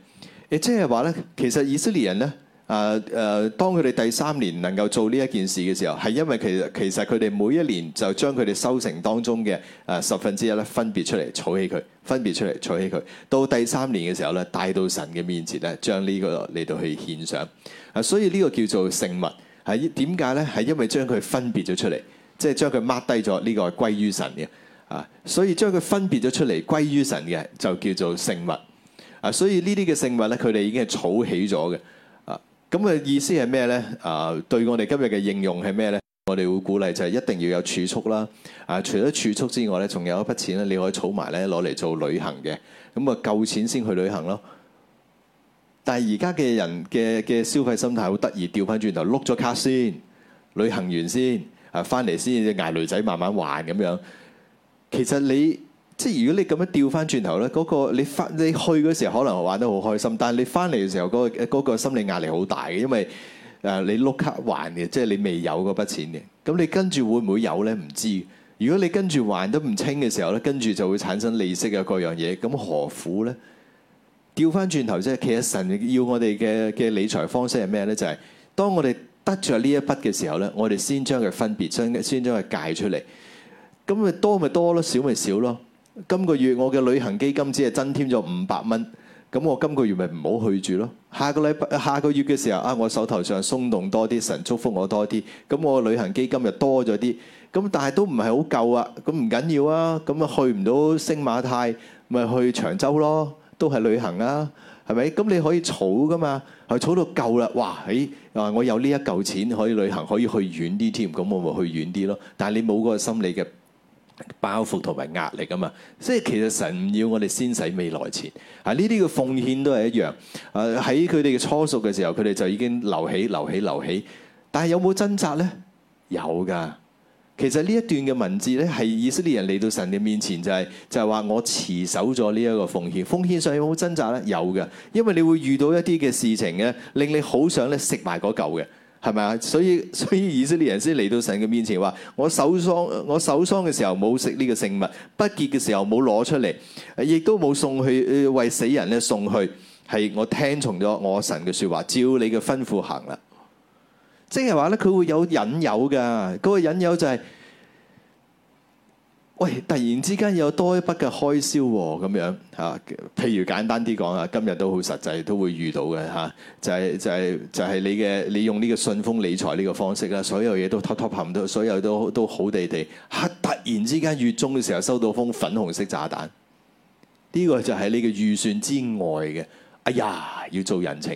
誒，即係話咧，其實以色列人咧。啊誒，當佢哋第三年能夠做呢一件事嘅時候，係因為其實其實佢哋每一年就將佢哋收成當中嘅誒十分之一咧，分別出嚟儲起佢，分別出嚟儲起佢。到第三年嘅時候咧，帶到神嘅面前咧，將呢個嚟到去獻上。啊，所以呢個叫做聖物。係點解咧？係因為將佢分別咗出嚟，即係將佢掹低咗呢個係歸於神嘅啊。所以將佢分別咗出嚟歸於神嘅，就叫做聖物。啊，所以呢啲嘅聖物咧，佢哋已經係儲起咗嘅。咁嘅意思係咩呢？啊，對我哋今日嘅應用係咩呢？我哋會鼓勵就係一定要有儲蓄啦。啊，除咗儲蓄之外咧，仲有一筆錢咧，你可以儲埋咧攞嚟做旅行嘅。咁啊，夠錢先去旅行咯。但係而家嘅人嘅嘅消費心態好得意，掉翻轉頭碌咗卡先，旅行完先啊，翻嚟先捱女仔慢慢還咁樣。其實你。即係如果你咁樣掉翻轉頭呢，嗰個你翻你去嗰時候可能玩得好開心，但係你翻嚟嘅時候嗰個嗰個心理壓力好大嘅，因為誒你碌卡還嘅，即係你未有嗰筆錢嘅，咁你跟住會唔會有呢？唔知。如果你跟住還得唔清嘅時候呢，跟住就會產生利息啊各樣嘢，咁何苦呢？掉翻轉頭即係其實神要我哋嘅嘅理財方式係咩呢？就係當我哋得著呢一筆嘅時候呢，我哋先將佢分別將先將佢戒出嚟，咁咪多咪多咯，少咪少咯。今個月我嘅旅行基金只係增添咗五百蚊，咁我今個月咪唔好去住咯。下個禮拜下個月嘅時候啊，我手頭上鬆動多啲，神祝福我多啲，咁我旅行基金又多咗啲。咁但係都唔係好夠啊。咁唔緊要啊。咁啊去唔到星馬泰，咪去長洲咯，都係旅行啊，係咪？咁你可以儲㗎嘛，係儲到夠啦。哇，誒啊，我有呢一嚿錢可以旅行，可以去遠啲添。咁我咪去遠啲咯。但係你冇個心理嘅包袱同埋壓力啊嘛，即係其實神要我哋先使未來錢，啊呢啲嘅奉獻都係一樣，誒喺佢哋嘅初熟嘅時候，佢哋就已經留起留起留起，但係有冇掙扎呢？有噶，其實呢一段嘅文字呢，係以色列人嚟到神嘅面前就係就係話我持守咗呢一個奉獻，奉獻上有冇掙扎呢？有嘅，因為你會遇到一啲嘅事情咧，令你好想咧食埋嗰嚿嘅。係咪啊？所以所以以色列人先嚟到神嘅面前，話我守喪，我守喪嘅時候冇食呢個聖物，不潔嘅時候冇攞出嚟，亦都冇送去為死人咧送去，係我聽從咗我神嘅說話，照你嘅吩咐行啦。即係話咧，佢會有引誘噶，嗰個引誘就係、是。喂，突然之間有多一筆嘅開銷喎、哦，咁樣嚇、啊。譬如簡單啲講啊，今日都好實際，都會遇到嘅嚇、啊。就係、是、就係、是、就係、是、你嘅，你用呢個信封理財呢個方式啦，所有嘢都拖拖冚冚，所有都好都好地地嚇、啊。突然之間月中嘅時候收到封粉紅色炸彈，呢、這個就係你嘅預算之外嘅。哎呀，要做人情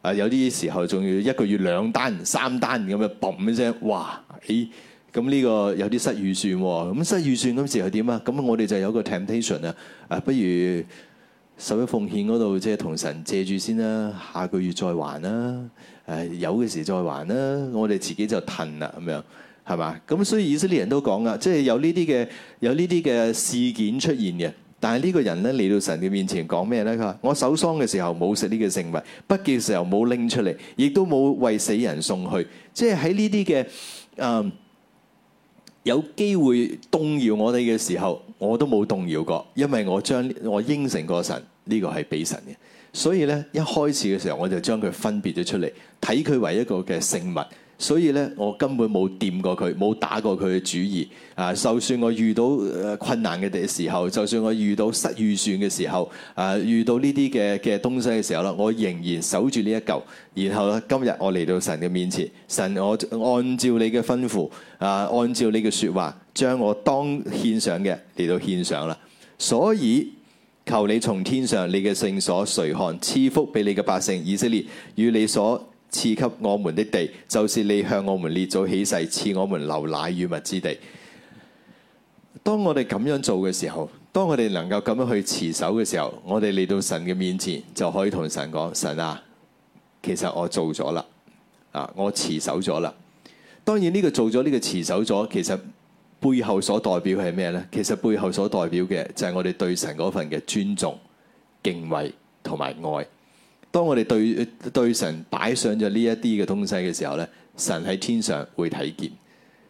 啊！有啲時候仲要一個月兩單、三單咁樣嘣一聲，哇！咦、欸？咁呢個有啲失預算喎、哦，咁失預算嗰時係點啊？咁我哋就有個 temptation 啊，啊不如受咗奉獻嗰度即係同神借住先啦，下個月再還啦，誒有嘅時再還啦，我哋自己就騰啦咁樣，係嘛？咁所以以色列人都講噶，即、就、係、是、有呢啲嘅有呢啲嘅事件出現嘅，但係呢個人咧嚟到神嘅面前講咩咧？佢話：我守喪嘅時候冇食呢個聖物，不潔嘅時候冇拎出嚟，亦都冇為死人送去，即係喺呢啲嘅嗯。有機會動搖我哋嘅時候，我都冇動搖過，因為我將我應承過神，呢個係俾神嘅。所以呢，一開始嘅時候我就將佢分別咗出嚟，睇佢為一個嘅聖物。所以咧，我根本冇掂過佢，冇打過佢嘅主意。啊，就算我遇到困難嘅時候，就算我遇到失預算嘅時候，啊，遇到呢啲嘅嘅東西嘅時候啦，我仍然守住呢一嚿。然後咧，今日我嚟到神嘅面前，神，我按照你嘅吩咐，啊，按照你嘅說話，將我當獻上嘅嚟到獻上啦。所以求你從天上，你嘅聖所垂看，賜福俾你嘅百姓以色列與你所。賜給我們的地，就是你向我們列祖起誓賜我們流奶與蜜之地。當我哋咁樣做嘅時候，當我哋能夠咁樣去持守嘅時候，我哋嚟到神嘅面前就可以同神講：神啊，其實我做咗啦，啊，我持守咗啦。當然呢個做咗，呢個持守咗，其實背後所代表係咩呢？其實背後所代表嘅就係我哋對神嗰份嘅尊重、敬畏同埋愛。當我哋對對神擺上咗呢一啲嘅東西嘅時候咧，神喺天上會睇見，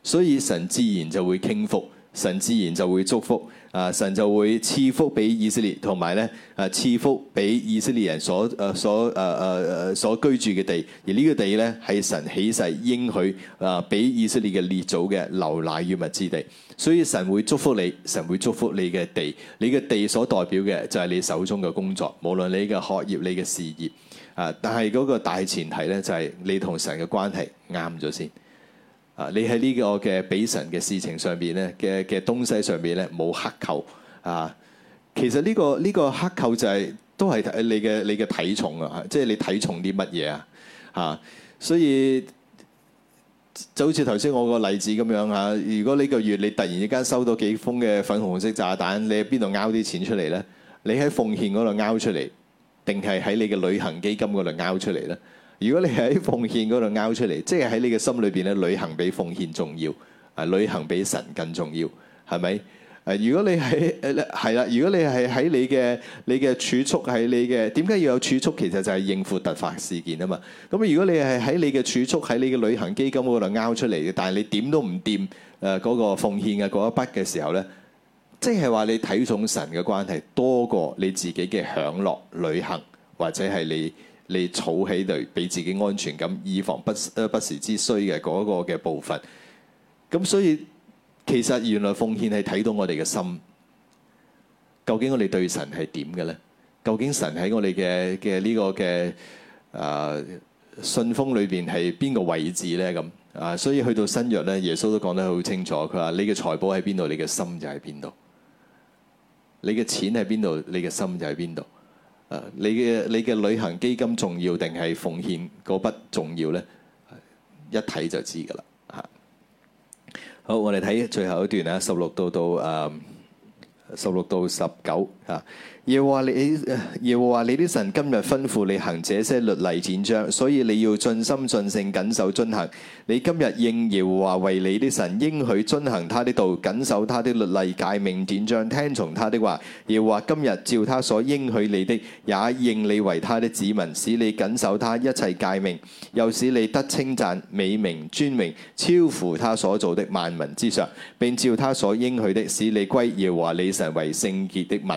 所以神自然就會傾福。神自然就會祝福，啊，神就會賜福俾以色列，同埋咧，啊，賜福俾以色列人所，誒、呃，所，誒，誒，誒，所居住嘅地。而呢個地咧，係神起誓應許，啊、呃，俾以色列嘅列祖嘅流奶與蜜之地。所以神會祝福你，神會祝福你嘅地。你嘅地所代表嘅就係你手中嘅工作，無論你嘅學業、你嘅事業，啊，但係嗰個大前提咧就係、是、你同神嘅關係啱咗先。啊！你喺呢個嘅俾神嘅事情上邊咧嘅嘅東西上邊咧冇克扣啊！其實呢個呢個克扣就係都係睇你嘅你嘅體重啊！即係你睇重啲乜嘢啊？嚇！所以就好似頭先我個例子咁樣嚇，如果呢個月你突然之間收到幾封嘅粉紅色炸彈，你喺邊度鈎啲錢出嚟咧？你喺奉獻嗰度鈎出嚟，定係喺你嘅旅行基金嗰度鈎出嚟咧？如果你喺奉獻嗰度拗出嚟，即係喺你嘅心裏邊咧，旅行比奉獻重要，啊旅行比神更重要，係咪？誒，如果你係誒係啦，如果你係喺你嘅你嘅儲蓄喺你嘅點解要有儲蓄？其實就係應付突發事件啊嘛。咁如果你係喺你嘅儲蓄喺你嘅旅行基金嗰度拗出嚟嘅，但係你點都唔掂誒嗰個奉獻嘅嗰一筆嘅時候咧，即係話你睇重神嘅關係多過你自己嘅享樂、旅行或者係你。你儲起嚟俾自己安全感，以防不不時之需嘅嗰個嘅部分。咁所以其實原來奉獻係睇到我哋嘅心，究竟我哋對神係點嘅呢？究竟神喺我哋嘅嘅呢個嘅啊信封裏邊係邊個位置呢？咁啊，所以去到新約咧，耶穌都講得好清楚，佢話你嘅財寶喺邊度，你嘅心就喺邊度。你嘅錢喺邊度，你嘅心就喺邊度。你嘅你嘅旅行基金重要定係奉獻嗰筆重要咧？一睇就知㗎啦嚇。好，我哋睇最後一段啊，十六到到誒。十六到十九啊，耶和華你，耶和華你的神今日吩咐你行這些律例典章，所以你要盡心盡性謹守遵行。你今日應耶和華為你的神，應許遵行他的道，謹守他的律例誡命典章，聽從他的話。耶和華今日照他所應許你的，也認你為他的子民，使你謹守他一切誡命，又使你得稱讚美名尊榮，超乎他所造的萬民之上。並照他所應許的，使你歸耶和華你神為聖潔的民，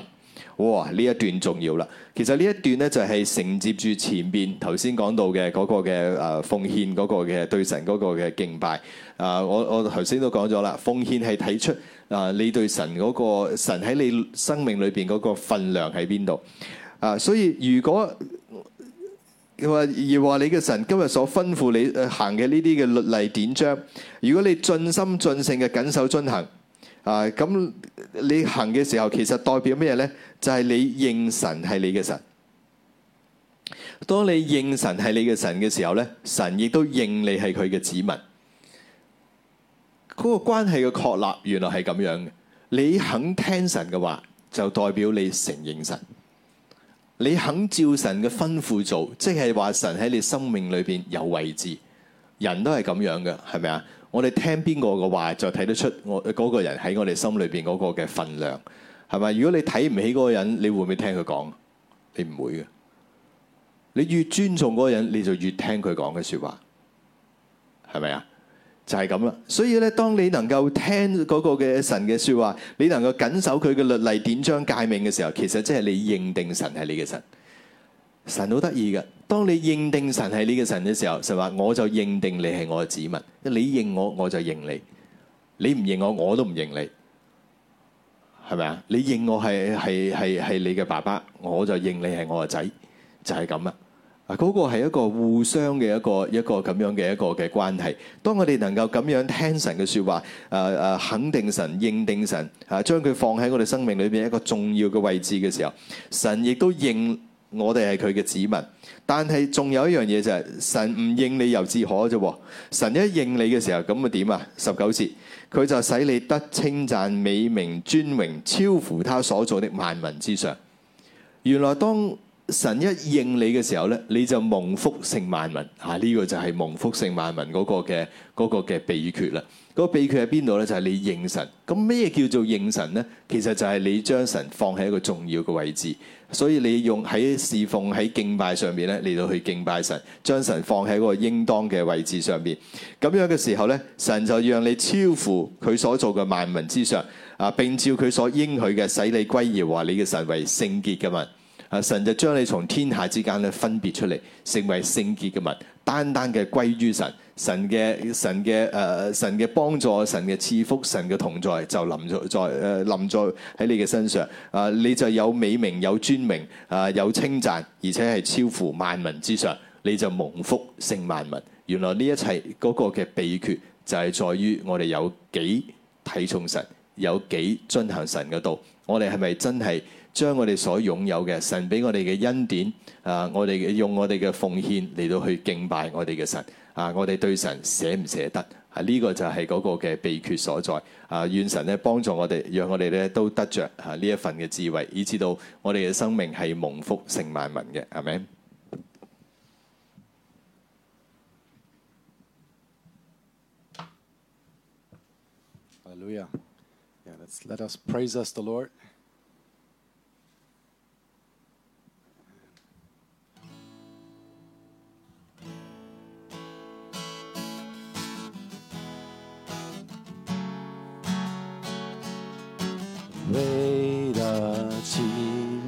哇！呢一段重要啦。其實呢一段呢，就係承接住前邊頭先講到嘅嗰個嘅誒，奉獻嗰個嘅對神嗰個嘅敬拜。啊，我我頭先都講咗啦，奉獻係睇出啊你對神嗰、嗰個神喺你生命裏邊嗰個份量喺邊度啊。所以如果話而話你嘅神今日所吩咐你行嘅呢啲嘅律例典章，如果你盡心盡性嘅謹守遵行，啊！咁你行嘅時候，其實代表咩呢？就係、是、你認神係你嘅神。當你認神係你嘅神嘅時候呢，神亦都認你係佢嘅子民。嗰、那個關係嘅確立，原來係咁樣嘅。你肯聽神嘅話，就代表你承認神。你肯照神嘅吩咐做，即係話神喺你生命裏邊有位置。人都係咁樣嘅，係咪啊？我哋聽邊個嘅話，就睇得出嗰個人喺我哋心裏面嗰個嘅份量，係咪？如果你睇唔起嗰個人，你會唔會聽佢講？你唔會嘅。你越尊重嗰個人，你就越聽佢講嘅説話，係咪？就係咁啦。所以咧，當你能夠聽嗰個嘅神嘅説話，你能夠緊守佢嘅律例典章戒命嘅時候，其實即係你認定神係你嘅神。神好得意嘅。當你認定神係你嘅神嘅時候，神話我就認定你係我嘅子民。你認我，我就認你；你唔認我，我都唔認你。係咪啊？你認我係係係係你嘅爸爸，我就認你係我嘅仔，就係咁啦。嗰個係一個互相嘅一個一個咁樣嘅一個嘅關係。當我哋能夠咁樣聽神嘅說話，誒誒，肯定神、認定神，啊，將佢放喺我哋生命裏邊一個重要嘅位置嘅時候，神亦都認。我哋係佢嘅子民，但係仲有一樣嘢就係、是、神唔應你又自可啫。神一應你嘅時候，咁啊點啊？十九節佢就使你得稱讚、美名、尊榮，超乎他所造的萬民之上。原來當神一應你嘅時候咧，你就蒙福勝萬民。啊，呢、這個就係蒙福勝萬民嗰個嘅、那個嘅秘訣啦。嗰個秘訣喺邊度咧？就係你認神。咁咩叫做認神呢？其實就係你將神放喺一個重要嘅位置。所以你用喺侍奉、喺敬拜上面咧嚟到去敬拜神，將神放喺嗰個應當嘅位置上面。咁樣嘅時候呢，神就讓你超乎佢所做嘅萬民之上啊！並照佢所應許嘅，使你歸而話你嘅神為聖潔嘅民啊！神就將你從天下之間咧分別出嚟，成為聖潔嘅民，單單嘅歸於神。神嘅神嘅誒、呃、神嘅幫助，神嘅賜福，神嘅同在就臨在誒，臨在、呃、臨在喺你嘅身上啊、呃！你就有美名，有尊名啊、呃，有稱讚，而且係超乎萬民之上。你就蒙福勝萬民。原來呢一切嗰個嘅秘訣就係在於我哋有幾睇重神，有幾遵行神嘅道。我哋係咪真係將我哋所擁有嘅神俾我哋嘅恩典啊、呃？我哋用我哋嘅奉獻嚟到去敬拜我哋嘅神。啊！我哋對神捨唔捨得啊？呢個就係嗰個嘅秘訣所在啊！願神咧幫助我哋，讓我哋咧都得着啊呢一份嘅智慧，以至到我哋嘅生命係蒙福成萬民嘅，係咪？Yeah, let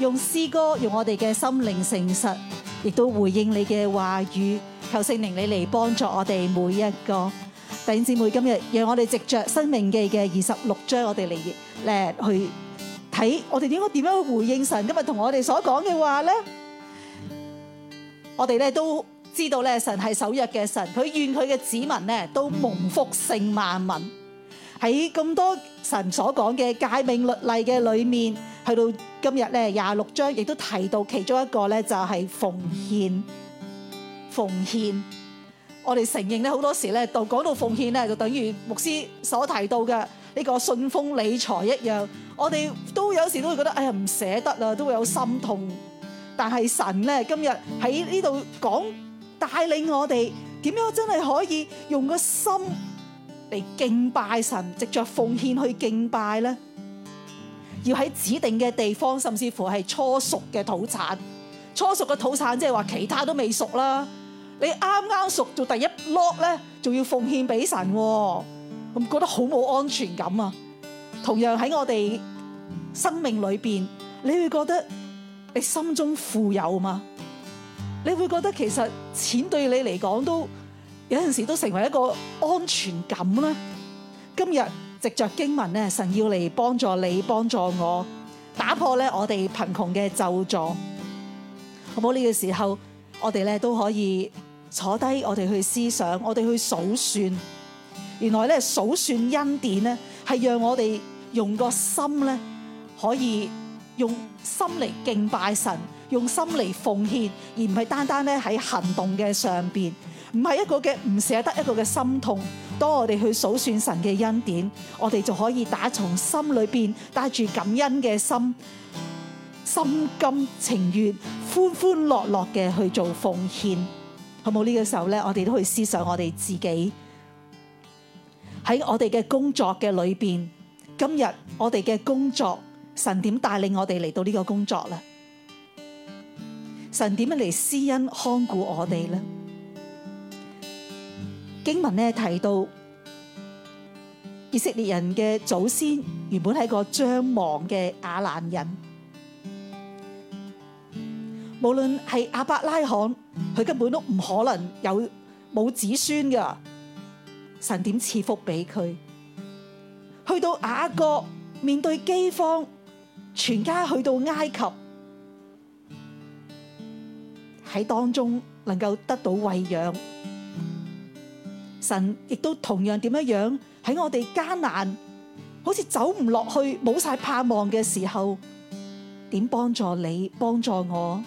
用詩歌，用我哋嘅心靈誠實，亦都回應你嘅話語。求聖靈你嚟幫助我哋每一個弟兄姊妹。今日讓我哋藉着《申命記》嘅二十六章，我哋嚟誒去睇，我哋應該點樣回應神今日同我哋所講嘅話咧？我哋咧都知道咧，神係守約嘅神，佢願佢嘅子民咧都蒙福勝萬民。喺咁多神所講嘅誡命律例嘅裏面，去到今日咧廿六章，亦都提到其中一個咧就係奉獻，奉獻。我哋承認咧好多時咧，就講到奉獻咧，就等於牧師所提到嘅呢個信奉理財一樣。我哋都有時都會覺得，哎呀，唔捨得啊，都會有心痛。但係神咧今日喺呢度講，帶領我哋點樣真係可以用個心。嚟敬拜神，藉着奉獻去敬拜咧，要喺指定嘅地方，甚至乎係初熟嘅土產，初熟嘅土產即係話其他都未熟啦，你啱啱熟做第一粒咧，仲要奉獻俾神，噉覺得好冇安全感啊。同樣喺我哋生命裏邊，你會覺得你心中富有嘛？你會覺得其實錢對你嚟講都？有陣時都成為一個安全感啦。今日藉着經文咧，神要嚟幫助你，幫助我，打破咧我哋貧窮嘅咒詛。好，好，冇、這、呢個時候，我哋咧都可以坐低，我哋去思想，我哋去數算。原來咧數算恩典咧，係讓我哋用個心咧，可以用心嚟敬拜神，用心嚟奉獻，而唔係單單咧喺行動嘅上邊。唔係一個嘅唔捨得，一個嘅心痛。當我哋去數算神嘅恩典，我哋就可以打從心裏邊帶住感恩嘅心，心甘情願、歡歡樂樂嘅去做奉獻，好冇？呢個時候咧，我哋都可以思想我哋自己喺我哋嘅工作嘅裏邊。今日我哋嘅工作，神點帶領我哋嚟到呢個工作啦？神點樣嚟施恩看顧我哋咧？經文咧提到，以色列人嘅祖先原本係個將亡嘅亞蘭人，無論係亞伯拉罕，佢根本都唔可能有冇子孫嘅，神點賜福俾佢？去到雅各面對饑荒，全家去到埃及，喺當中能夠得到餵養。神亦都同樣點樣樣喺我哋艱難，好似走唔落去、冇晒盼望嘅時候，點幫助你、幫助我，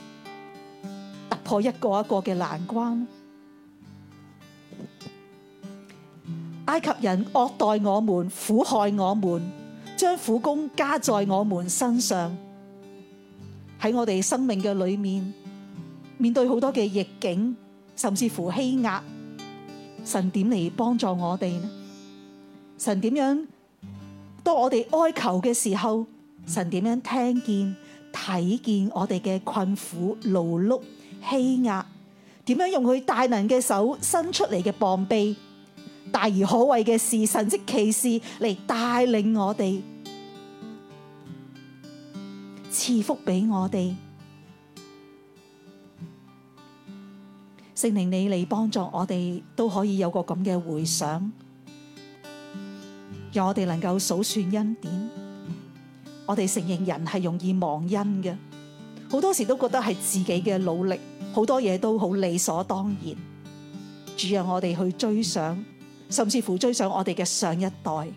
突破一個一個嘅難關？埃及人惡待我們、苦害我們，將苦工加在我們身上，喺我哋生命嘅裏面，面對好多嘅逆境，甚至乎欺壓。神點嚟幫助我哋呢？神點樣當我哋哀求嘅時候，神點樣聽見、睇見我哋嘅困苦、勞碌、欺壓？點樣用佢大能嘅手伸出嚟嘅膀臂，大而可畏嘅事，神蹟奇事嚟帶領我哋，賜福俾我哋。聖靈你嚟幫助我哋都可以有個咁嘅回想，讓我哋能夠數算恩典。我哋承認人係容易忘恩嘅，好多時都覺得係自己嘅努力，好多嘢都好理所當然。主讓我哋去追想，甚至乎追上我哋嘅上一代、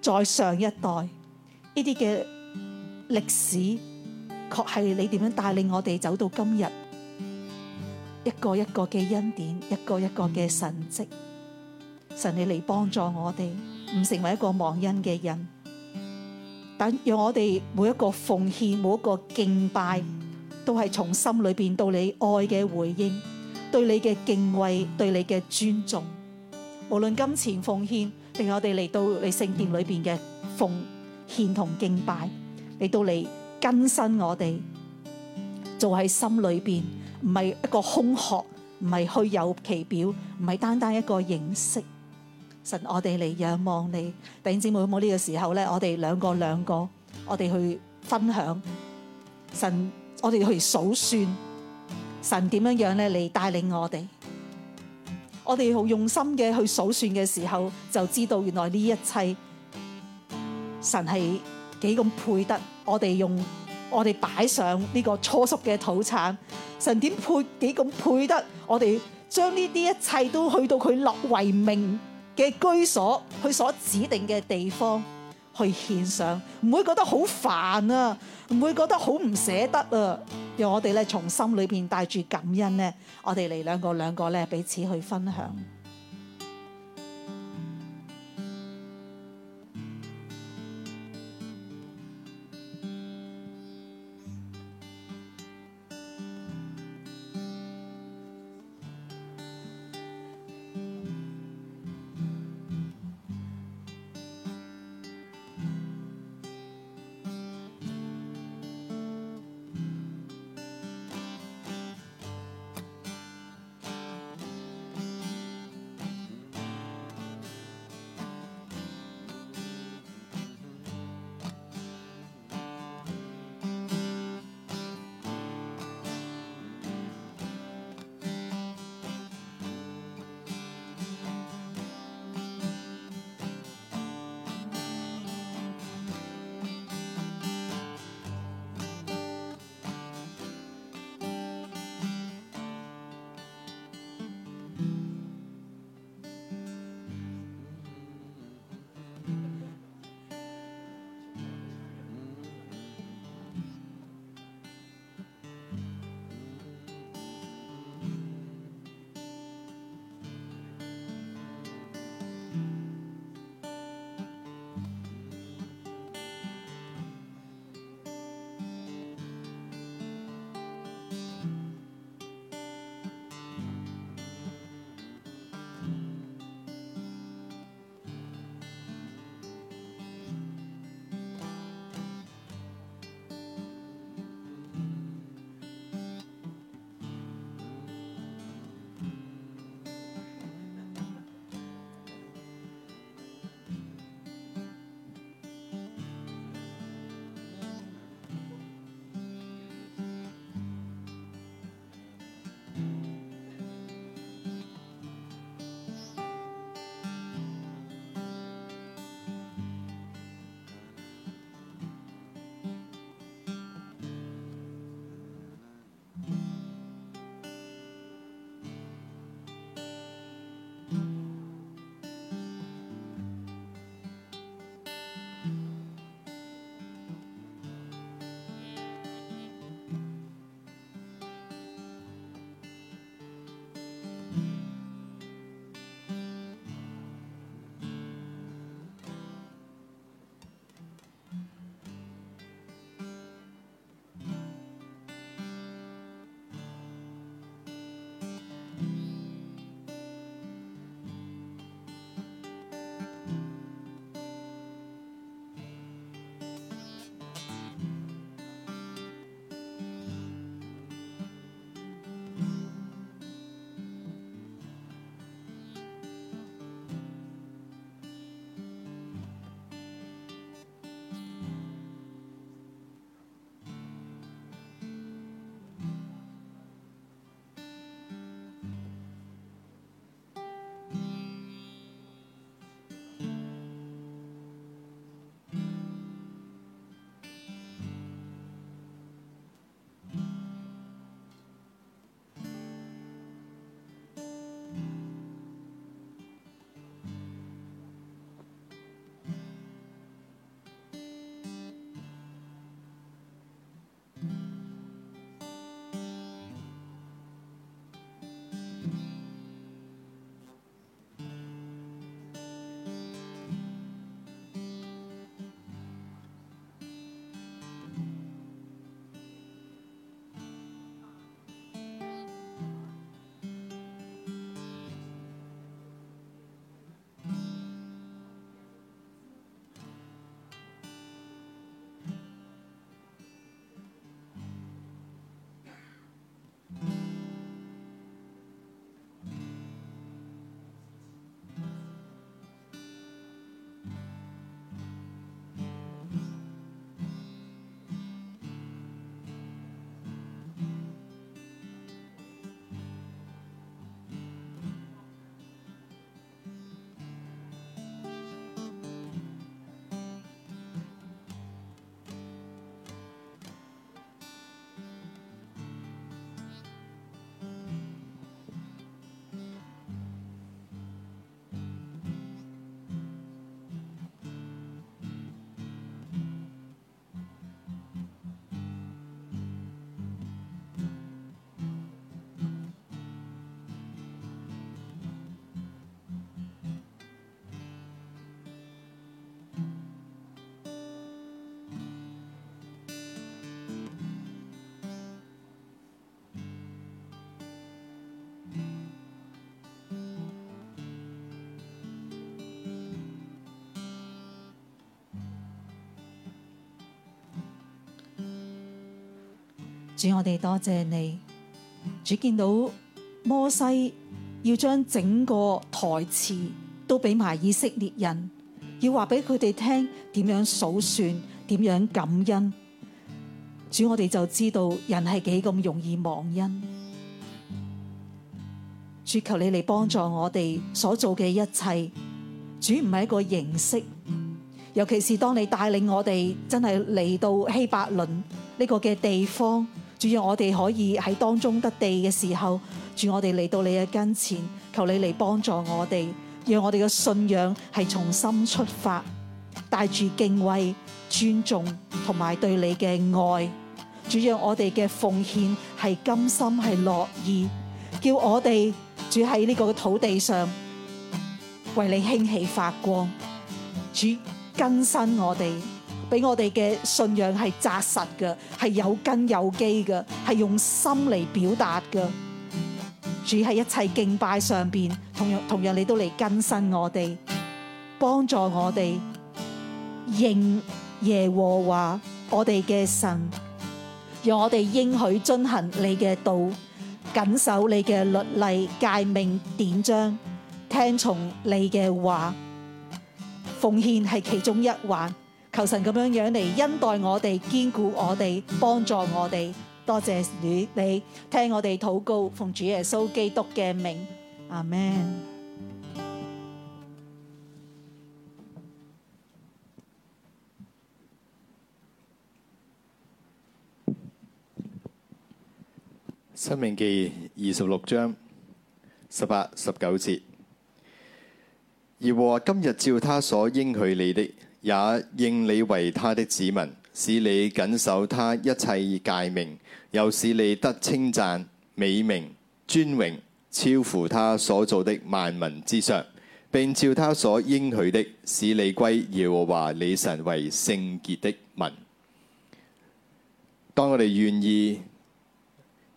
再上一代呢啲嘅歷史，確係你點樣帶領我哋走到今日。一個一個嘅恩典，一個一個嘅神蹟，神你嚟幫助我哋，唔成為一個忘恩嘅人。但讓我哋每一個奉獻，每一個敬拜，都係從心裏邊到你愛嘅回應，對你嘅敬畏，對你嘅尊重。無論金錢奉獻，定係我哋嚟到你聖殿裏邊嘅奉獻同敬拜，嚟到你更新我哋，做喺心裏邊。唔係一個空殼，唔係虛有其表，唔係單單一個形式。神，我哋嚟仰望你。弟兄姊妹好，冇呢個時候咧？我哋兩個兩個，我哋去分享。神，我哋去數算。神點樣樣咧？嚟帶領我哋。我哋好用心嘅去數算嘅時候，就知道原來呢一切，神係幾咁配得我哋用。我哋擺上呢個初熟嘅土產，神點配幾咁配得？我哋將呢啲一切都去到佢立為名嘅居所，佢所指定嘅地方去獻上，唔會覺得好煩啊，唔會覺得好唔捨得啊，讓我哋咧從心裏邊帶住感恩咧，我哋嚟兩個兩個咧彼此去分享。主我哋多謝你，主見到摩西要將整個台詞都俾埋以色列人，要話俾佢哋聽點樣數算，點樣感恩。主我哋就知道人係幾咁容易忘恩。主求你嚟幫助我哋所做嘅一切，主唔係一個形式，尤其是當你帶領我哋真係嚟到希伯倫呢個嘅地方。主讓我哋可以喺當中得地嘅時候，主我哋嚟到你嘅跟前，求你嚟幫助我哋，讓我哋嘅信仰係從心出發，帶住敬畏、尊重同埋對你嘅愛。主讓我哋嘅奉獻係甘心係樂意，叫我哋住喺呢個土地上，為你興起發光。主更新我哋。俾我哋嘅信仰係扎實嘅，係有根有基嘅，係用心嚟表達嘅。主喺一切敬拜上面，同樣同樣你都嚟更新我哋，幫助我哋應耶和華我哋嘅神，讓我哋應許遵行你嘅道，謹守你嘅律例誡命典章，聽從你嘅話，奉獻係其中一環。求神咁樣樣嚟恩待我哋，堅固我哋，幫助我哋。多謝你，你聽我哋禱告，奉主耶穌基督嘅名，阿門。申命記二十六章十八十九節，而我今日照他所應許你的。也應你為他的子民，使你謹守他一切誡命，又使你得稱讚、美名、尊榮，超乎他所造的萬民之上，並照他所應許的，使你歸耶和華你神為聖潔的民。當我哋願意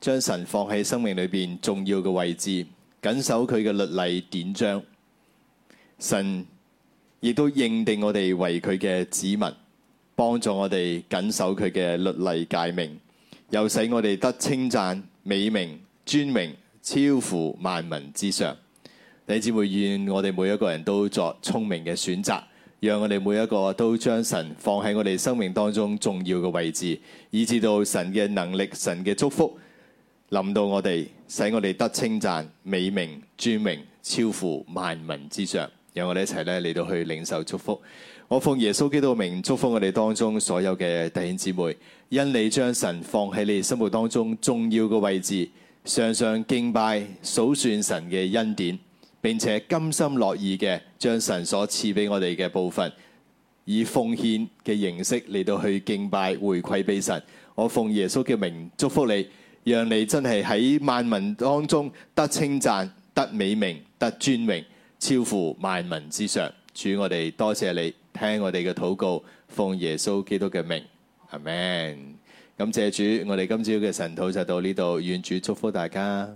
將神放喺生命裏邊重要嘅位置，謹守佢嘅律例典章，神。亦都認定我哋為佢嘅子民，幫助我哋緊守佢嘅律例誡命，又使我哋得稱讚、美名、尊名，超乎萬民之上。弟兄姊妹，願我哋每一個人都作聰明嘅選擇，讓我哋每一個都將神放喺我哋生命當中重要嘅位置，以至到神嘅能力、神嘅祝福臨到我哋，使我哋得稱讚、美名、尊名，超乎萬民之上。讓我哋一齊咧嚟到去領受祝福。我奉耶穌基督嘅名祝福我哋當中所有嘅弟兄姊妹。因你將神放喺你心目當中重要嘅位置，常常敬拜數算神嘅恩典，並且甘心樂意嘅將神所賜俾我哋嘅部分，以奉獻嘅形式嚟到去敬拜回饋俾神。我奉耶穌嘅名祝福你，讓你真係喺萬民當中得稱讚、得美名、得尊名。超乎萬民之上，主我哋多謝你，聽我哋嘅禱告，奉耶穌基督嘅名，阿門。感謝主，我哋今朝嘅神禱就到呢度，願主祝福大家。